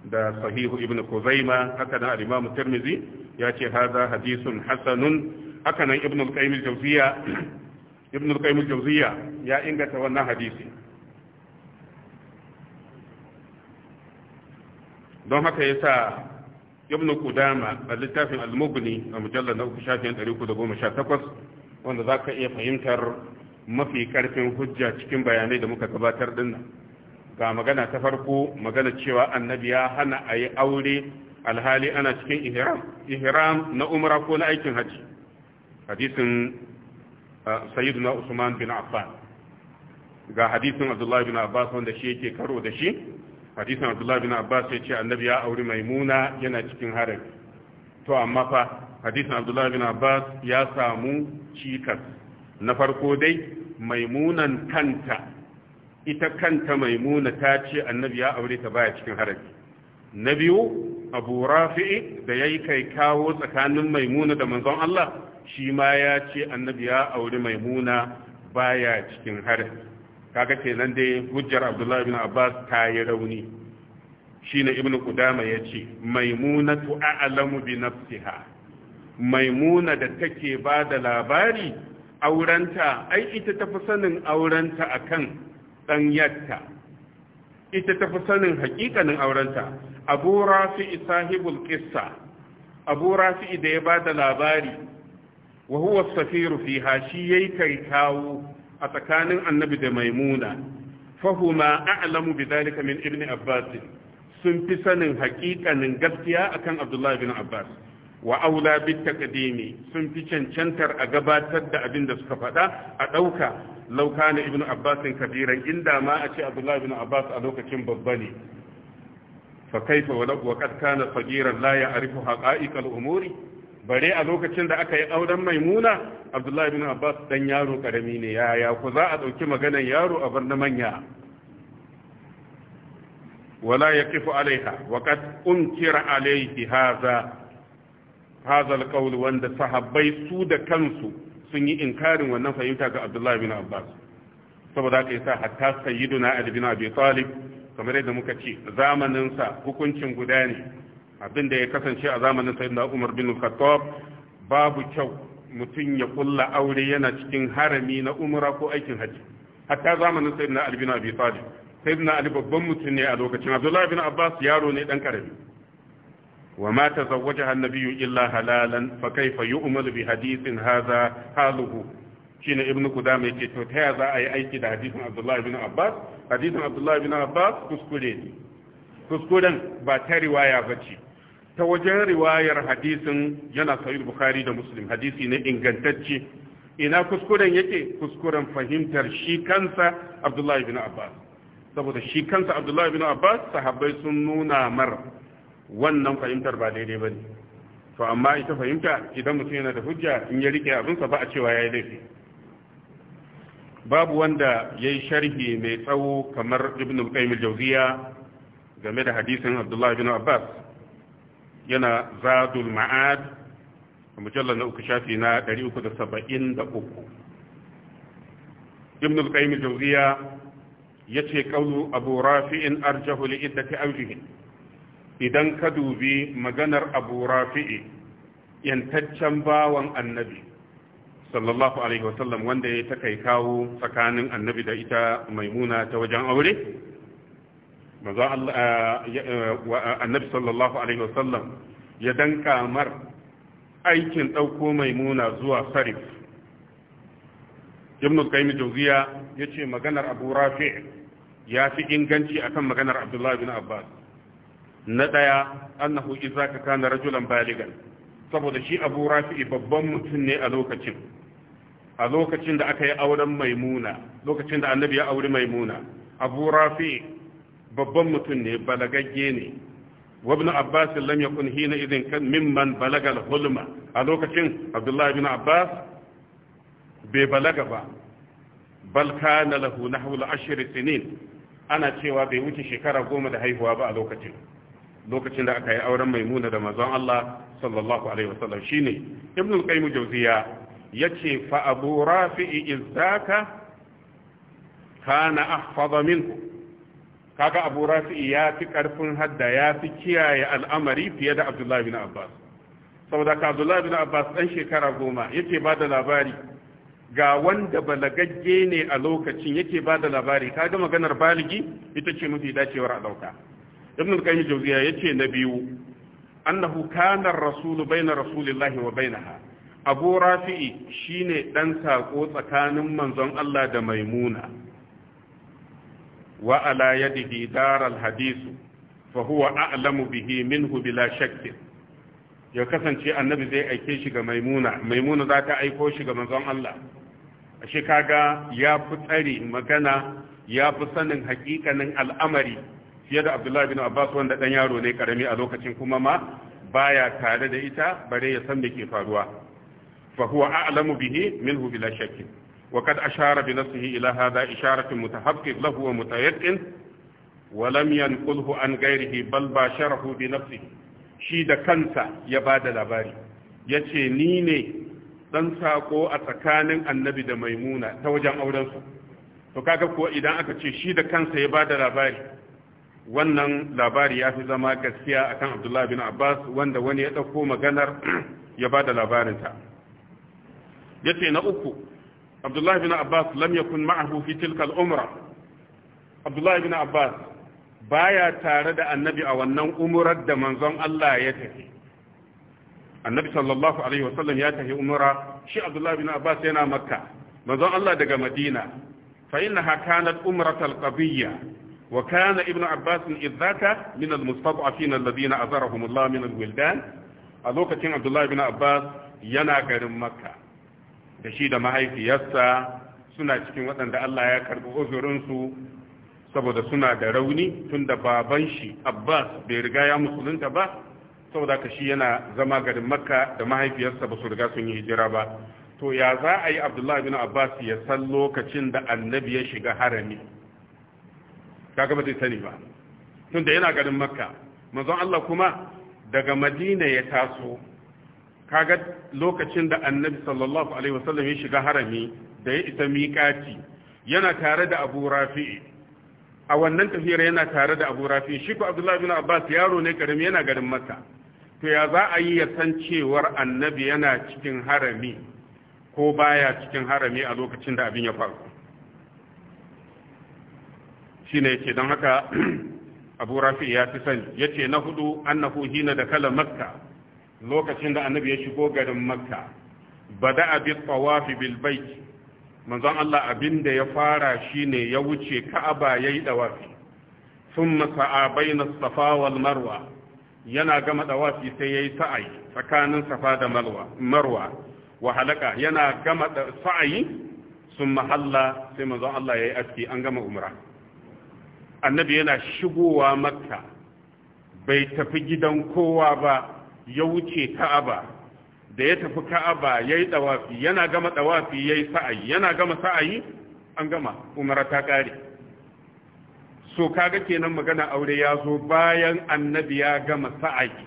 [SPEAKER 1] da sahihu ibn kuzaima haka nan al-imam tirmidhi ya ce hadha hadisun hasanun haka nan ibn al-qayyim al-jawziya (clears throat) ibn al-qayyim al-jawziya ya inganta wannan hadisi don haka ya sa ibn kudama a littafin almugni a mujallar na uku shafin 318 wanda za ka iya fahimtar mafi karfin hujja cikin bayanai da muka gabatar din ga magana ta farko magana cewa annabi ya hana a yi aure alhali ana cikin ihram ihram na umara ko na aikin haji hadisin ah, sayyiduna usman bin affan ga hadisin abdullahi bin abbas wanda shi yake karo da shi hadisin abdullahi bin abbas ya ce annabi ya auri maimuna yana cikin harami to amma fa hadisin abdullahi bin abbas ya samu cikas na farko dai maimunan kanta ita kanta maimuna ta ce annabi ya aure ta baya cikin harami na biyu abu rafi'i da ya yi kai kawo tsakanin maimuna da manzon Allah shi ma ya ce annabi ya auri maimuna baya cikin harami kaga kenan dai hujjar abdullahi bin abbas ta yi rauni shine ibnu qudama yace maimunatu a'lamu bi nafsiha maimuna da take ba da labari aurenta ai ita tafi sanin aurenta akan dan yatta ita tafi sanin hakikanin aurenta abu rafi'i sahibul qissa abu rafi'i da ya ba da labari wa huwa safiru fiha shi yayi kai kawo a tsakanin annabi da maimuna fahuma a'lamu bidhalika min ibni abbas sun fi sanin haƙiƙanin gaskiya akan abdullahi bin abbas wa aula bit taqdimi sun fi cancantar a gabatar da abin da suka faɗa a ɗauka lauka na ibnu abbas kabiran inda ma a ce abdullahi bin abbas a lokacin babba ne fa kaifa wa qad kana sagiran la ya'rifu haqa'iq al-umuri bare a lokacin da aka yi auren maimuna abdullahi bin abbas dan yaro karami ne yaya ku za a ɗauki maganar yaro a bar manya wala ya kifu alaiha wa kad unkira alaihi haza haza alqawl wanda sahabbai su da kansu sun yi inkarin wannan fahimta ga abdullahi bin abbas saboda yi yasa hatta sayyiduna ali abi talib kamar yadda muka ce zamanin sa hukuncin guda ne abin da ya kasance a zamanin sayyidina Umar bin Khattab babu kyau mutum ya kulla aure yana cikin harami na umra ko aikin hajji. hatta zamanin sayyidina Ali bin Abi Talib sayyidina Ali babban mutum ne a lokacin Abdullahi bin Abbas yaro ne dan karami wa ma tazawwajaha an-nabiyyu illa halalan fa kayfa yu'mal bi hadithin hadha haluhu shine ibnu kudama yake to ta za a yi aiki da hadisin Abdullahi bin abbas hadisin Abdullahi bin abbas kuskure ne kuskuren ba ta riwaya ce. ta wajen riwayar hadisin yana sahih bukhari da muslim hadisi ne ingantacce ina kuskuren yake kuskuren fahimtar shi kansa abdullahi bin abbas saboda shi kansa abdullahi bin abbas sahabbai sun nuna mar wannan fahimtar ba daidai ba ne to amma ita fahimta idan mutum yana da hujja in ya rike abinsa ba a cewa ya yi laifi babu wanda ya yi sharhi mai tsawo kamar ibn al-qayyim al-jawziya game da hadisin abdullahi bin abbas yana zadul ma'ad mujallar na uku shafi na 373 ibn al-qayyim jawziya yace qawlu abu rafi'in arjahu li iddati awjihi idan ka dubi maganar abu rafi'i yantaccen bawan annabi sallallahu alaihi wasallam wanda ya ta kai kawo tsakanin annabi da ita maimuna ta wajen aure manzo eh, eh, eh, annabi sallallahu alaihi wasallam ya danka mar aikin ɗauko maimuna zuwa sarif ibn al Jauziya ya yace maganar abu rafi ya fi inganci akan maganar abdullahi bin abbas na ɗaya annahu ka kana rajulan baligan saboda shi abu rafi babban mutum ne a lokacin a lokacin da aka yi auren maimuna lokacin da annabi ya auri maimuna abu rafi babban mutum ne balagagge ne وابن عباس لم يكن حينئذ كان ممن بلغ الحلم a lokacin Abdullahi bin Abbas bai balaga ba bal lahu nahwu al-ashr sinin ana cewa bai wuce shekara goma da haihuwa ba a lokacin lokacin da aka yi auren maimuna da manzon Allah sallallahu alaihi wasallam shine ibn al-qayyim ya ce fa abu rafi'i izaka kana ahfaza minhu kaga abu rafi'i ya fi karfin hadda ya fi kiyaye al'amari fiye da abdullahi bin abbas saboda ka abdullahi bin abbas dan shekara goma yake ba da labari ga wanda balagagge ne a lokacin yake ba da labari kaga maganar baligi ita ce mafi dacewar a dauka ibn al jawziya yace na biyu annahu kana ar-rasul bayna rasulillahi wa bainaha abu rafi'i shine dan sako tsakanin manzon Allah da maimuna وعلى يده دار الحديث hadisu fa به منه bihi شك ya kasance annabi zai aike shi ga maimuna maimuna za ta aiko shi ga manzon Allah ashe kaga ya fi tsari magana ya fi sanin hakikanin al'amari fiye da Abdullahi bin Abbas wanda dan yaro ne karami a lokacin kuma ma baya tare da ita bare ya san me ke faruwa fa huwa a'lamu bihi minhu bila shakki وقد أشار بنفسه إلى هذا إشارة متحقق له ومتيقن ولم ينقله عن غيره بل باشره بنفسه shi da kansa ya ba da labari ya ce ni ne ɗan saƙo a tsakanin annabi da maimuna ta wajen aurensu to kaga kuwa idan aka ce shi da kansa ya ba da labari wannan labari ya fi zama gaskiya akan abdullahi bin abbas wanda wani ya ɗauko maganar ya ba da labarinta ya ce na uku abdullahi bin abbas lam yakun ma'ahu fi tilka abdullahi bin abbas baya tare da annabi a wannan umurar da manzon Allah ya tafi annabi sallallahu alaihi wasallam ya tafi umra shi abdullahi bin abbas yana makka manzon Allah daga madina fa innaha kanat umratal qabiyya wa kana ibnu abbas idzaka min almustad'afin alladhina azarahum Allah min alwildan a lokacin abdullahi bin abbas yana garin makka da shi da mahaifiyarsa suna cikin waɗanda Allah ya karɓi uzurinsu saboda suna da rauni tun da baban shi Abbas bai riga ya musulunta ba saboda ka shi yana zama garin Makka da mahaifiyarsa ba su riga sun yi hijira ba to ya za a yi Abdullah bin Abbas ya san lokacin da annabi ya shiga harami kaga ba zai sani ba tun da yana garin Makka manzon Allah kuma daga Madina ya taso kaga lokacin da annabi sallallahu alaihi wasallam ya shiga harami da ya isa miƙati yana tare da abu rafi'i a wannan tafiyar yana tare da abu rafi'i shi ko abdullahi bin abbas yaro ne karami yana garin masa to ya za a yi ya san cewar annabi yana cikin harami ko baya cikin harami a lokacin da abin ya faru shine yake don haka (clears throat) abu rafi'i ya fi sani yace na hudu annahu hina da kala makka lokacin da annabi ya shigo garin makka bada abi tawafi bil bait manzon Allah abinda ya fara shine ya wuce ka'aba yayi dawafi thumma sa'a baina safa wal marwa yana gama dawafi sai yayi sa'ayi tsakanin safa da marwa wa halaka yana gama sa'ayi sun halla sai manzon Allah ya yi aski an gama umra annabi yana shigowa makka bai tafi gidan kowa ba ya wuce ka'aba da ya tafi ka'aba ya yi ɗawafi yana gama ɗawafi ya yi sa'ayi yana gama sa'ayi an gama umara ta ƙare so kaga kenan magana aure ya zo bayan annabi ya gama sa'ayi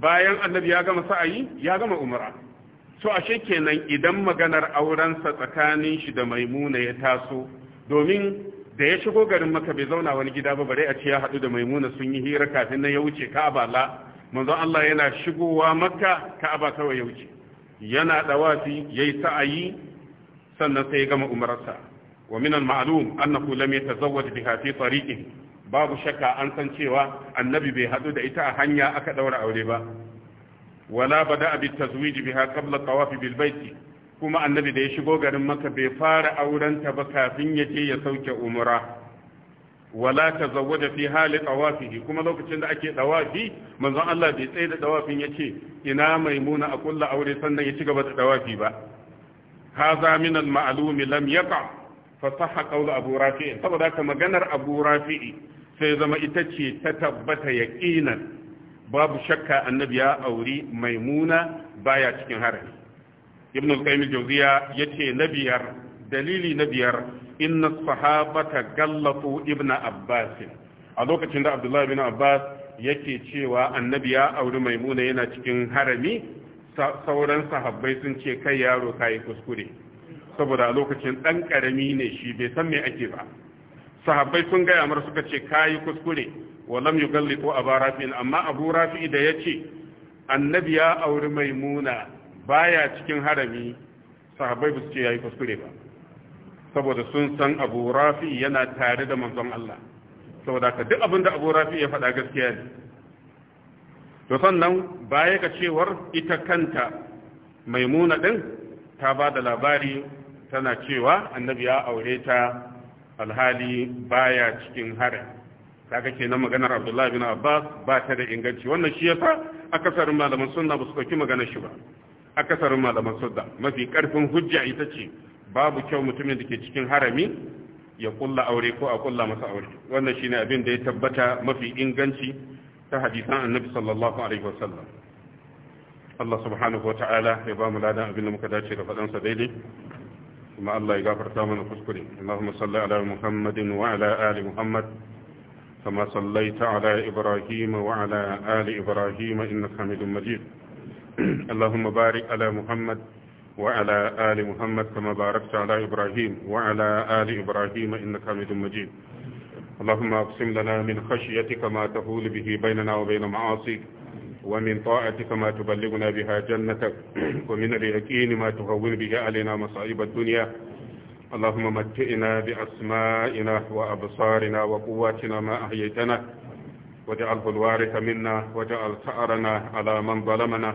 [SPEAKER 1] bayan annabi ya gama sa'ayi ya gama umara so ashe kenan idan maganar aurensa tsakanin shi da maimuna ya taso domin da ya shigo garin maka bai zauna wani gida ba bare a ce ya haɗu da maimuna sun yi hira kafin nan ya wuce ka'aba la manzon Allah yana shigowa makka ka'aba kawai ya wuce yana dawafi yayi sa'ayi sannan sai ya gama umrarsa wa min al-ma'lum annahu lam yatazawwaj biha fi tariqin babu shakka an san cewa annabi bai hadu da ita a hanya aka daura aure ba wala bada bi tazwij biha qabla tawaf bil bayt kuma annabi da ya shigo garin makka bai fara auren ta ba kafin ya je ya sauke umra wala tazawwaja fi hali tawafihi kuma lokacin da ake tawafi manzon Allah bai tsaye da dawafin yace ina maimuna a kullu aure sannan ya ci gaba da ɗawafi ba hadha min al ma'lum lam yaqa fa sahha qawlu abu rafi'i saboda ka maganar abu rafi'i sai zama ita ce ta tabbata yaqinan babu shakka annabi ya auri maimuna baya cikin harami ibn al-qayyim al-jawziya yace nabiyar dalili na biyar inna sahabata gallafu ibn abbas a lokacin da abdullahi bin abbas yake cewa annabi ya auri maimuna yana cikin harami sauran sahabbai sun ce kai yaro kayi kuskure saboda a lokacin dan karami ne shi bai san me ake ba sahabbai sun gaya mar suka ce kayi kuskure walam a aba rafi'in amma abu rafi da ce annabi ya auri maimuna baya cikin harami sahabbai ba su ce yayi kuskure ba saboda sun san abu rafi yana tare da manzon Allah saboda ka duk abinda abu rafi ya faɗa gaskiya ne to sannan baya ka cewar ita kanta maimuna ɗin ta ba da labari tana cewa annabi ya aure ta alhali baya cikin harin kaga kenan maganar abdullahi bin abbas ba ta da inganci wannan shi yasa akasarin malaman sunna ba su ɗauki maganar shi ba akasarin malaman sunna mafi karfin hujja ita ce babu kyau mutumin da ke cikin harami ya kulla aure ko a kulla masa aure wannan shine abin da ya tabbata mafi inganci ta hadisan annabi sallallahu alaihi wasallam Allah subhanahu wa ta'ala ya ba mu ladan abin da muka dace da faɗansa daidai kuma Allah ya gafarta mana kuskure Allahumma salli ala Muhammadin wa ala ali Muhammad كما صليت على إبراهيم وعلى آل إبراهيم إنك حميد مجيد اللهم بارك على محمد وعلى آل محمد كما باركت على إبراهيم وعلى آل إبراهيم إنك حميد مجيد اللهم أقسم لنا من خشيتك ما تهول به بيننا وبين معاصيك ومن طاعتك ما تبلغنا بها جنتك ومن اليقين ما تهون به علينا مصائب الدنيا اللهم متئنا بأسمائنا وأبصارنا وقواتنا ما أحييتنا وجعله الوارث منا وجعل ثأرنا على من ظلمنا